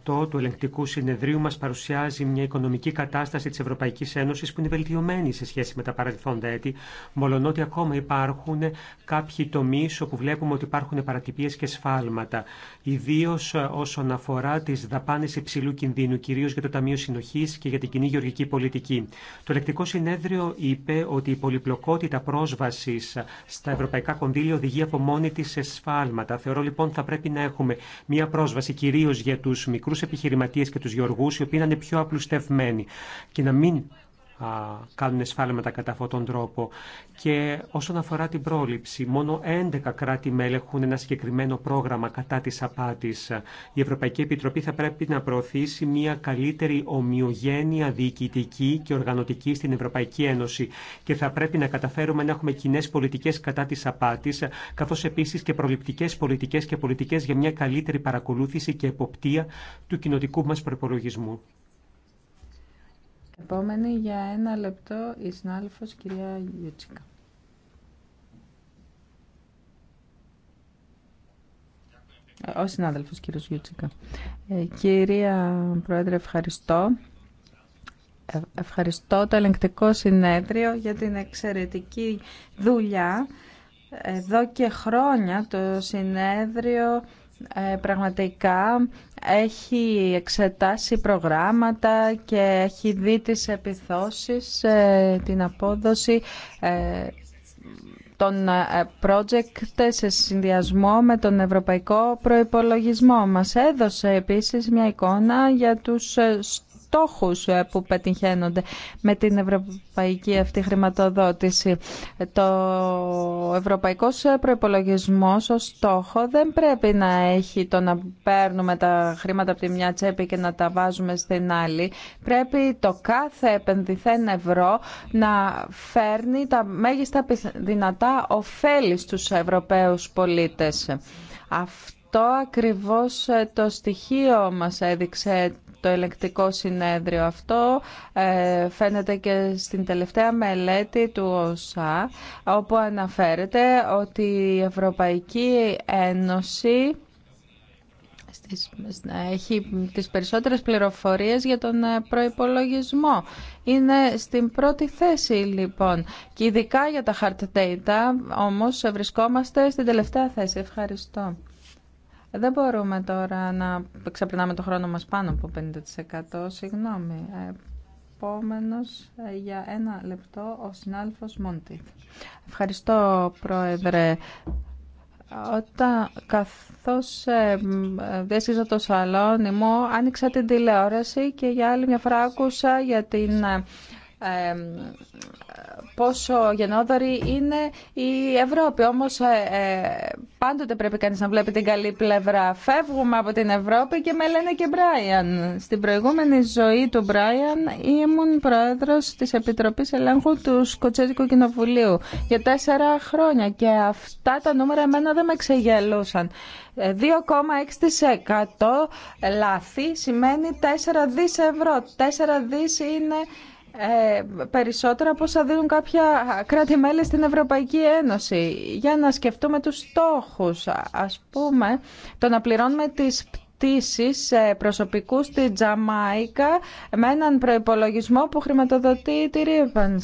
2018 του Ελεγκτικού Συνεδρίου μα παρουσιάζει μια οικονομική κατάσταση τη Ευρωπαϊκή Ένωση που είναι βελτιωμένη σε σχέση με τα παρελθόντα έτη, μολονότι ακόμα υπάρχουν κάποιοι τομεί όπου βλέπουμε ότι υπάρχουν παρατυπίες και σφάλματα, ιδίω όσον αφορά τι δαπάνε υψηλού κινδύνου, κυρίω για το Ταμείο συνοχή και για την κοινή γεωργική πολιτική. Το Ελεγκτικό Συνέδριο είπε ότι η πολυπλοκότητα πρόσβαση στα ευρωπαϊκά κονδύλια οδηγεί από μόνη τη σε σφάλματα. Θεωρώ λοιπόν θα πρέπει να έχουμε μια πρόσβαση κυρίω για του μικρού επιχειρηματίε και του γεωργού, οι οποίοι να είναι πιο απλουστευμένοι και να μην κάνουν εσφάλματα κατά αυτόν τον τρόπο. Και όσον αφορά την πρόληψη, μόνο 11 κράτη-μέλη έχουν ένα συγκεκριμένο πρόγραμμα κατά της απάτης. Η Ευρωπαϊκή Επιτροπή θα πρέπει να προωθήσει μια καλύτερη ομοιογένεια διοικητική και οργανωτική στην Ευρωπαϊκή Ένωση και θα πρέπει να καταφέρουμε να έχουμε κοινέ πολιτικέ κατά της απάτης, καθώς επίσης και προληπτικές πολιτικές και πολιτικές για μια καλύτερη παρακολούθηση και εποπτεία του κοινοτικού μας προπολογισμού. Επόμενη για ένα λεπτό η συνάδελφος κυρία Γιούτσικα. Ο συνάδελφος κύριος Γιούτσικα. Ε, κυρία Πρόεδρε, ευχαριστώ. Ε, ευχαριστώ το ελεγκτικό συνέδριο για την εξαιρετική δουλειά. Εδώ και χρόνια το συνέδριο ε, πραγματικά έχει εξετάσει προγράμματα και έχει δει τις επιθώσεις, ε, την απόδοση ε, των project σε συνδυασμό με τον ευρωπαϊκό προϋπολογισμό. Μας έδωσε επίσης μια εικόνα για τους στόχους ε, που πετυχαίνονται με την ευρωπαϊκή αυτή χρηματοδότηση. Το ευρωπαϊκός ε, προϋπολογισμός ως στόχο δεν πρέπει να έχει το να παίρνουμε τα χρήματα από τη μια τσέπη και να τα βάζουμε στην άλλη. Πρέπει το κάθε επενδυθέν ευρώ να φέρνει τα μέγιστα δυνατά ωφέλη στους Ευρωπαίους πολίτες. Αυτό ακριβώς ε, το στοιχείο μας έδειξε το ελεκτικό συνέδριο αυτό ε, φαίνεται και στην τελευταία μελέτη του ΟΣΑ όπου αναφέρεται ότι η Ευρωπαϊκή Ένωση έχει τις περισσότερες πληροφορίες για τον ε, προϋπολογισμό. Είναι στην πρώτη θέση λοιπόν και ειδικά για τα hard data όμως ε, βρισκόμαστε στην τελευταία θέση. Ευχαριστώ. Δεν μπορούμε τώρα να ξεπερνάμε το χρόνο μας πάνω από 50%. Συγγνώμη. επόμενο ε, για ένα λεπτό ο συνάδελφος Μόντι. Ευχαριστώ, Πρόεδρε. Όταν καθώς ε, διέσχιζα το σαλόνι μου, άνοιξα την τηλεόραση και για άλλη μια φορά άκουσα για την ε, πόσο γεννόδορη είναι η Ευρώπη. Όμως ε, ε, πάντοτε πρέπει κανείς να βλέπει την καλή πλευρά. Φεύγουμε από την Ευρώπη και με λένε και Μπράιαν. Στην προηγούμενη ζωή του Μπράιαν ήμουν πρόεδρος της Επιτροπής Ελέγχου του Σκοτσέζικου Κοινοβουλίου για τέσσερα χρόνια και αυτά τα νούμερα εμένα δεν με ξεγελούσαν. 2,6% ε, λάθη σημαίνει 4 δις ευρώ. 4 δις είναι ε, περισσότερα από όσα δίνουν κάποια κράτη-μέλη στην Ευρωπαϊκή Ένωση. Για να σκεφτούμε τους στόχους, ας πούμε, το να πληρώνουμε τις πτήσεις προσωπικού στη Τζαμάικα με έναν προϋπολογισμό που χρηματοδοτεί τη Ρίβαν.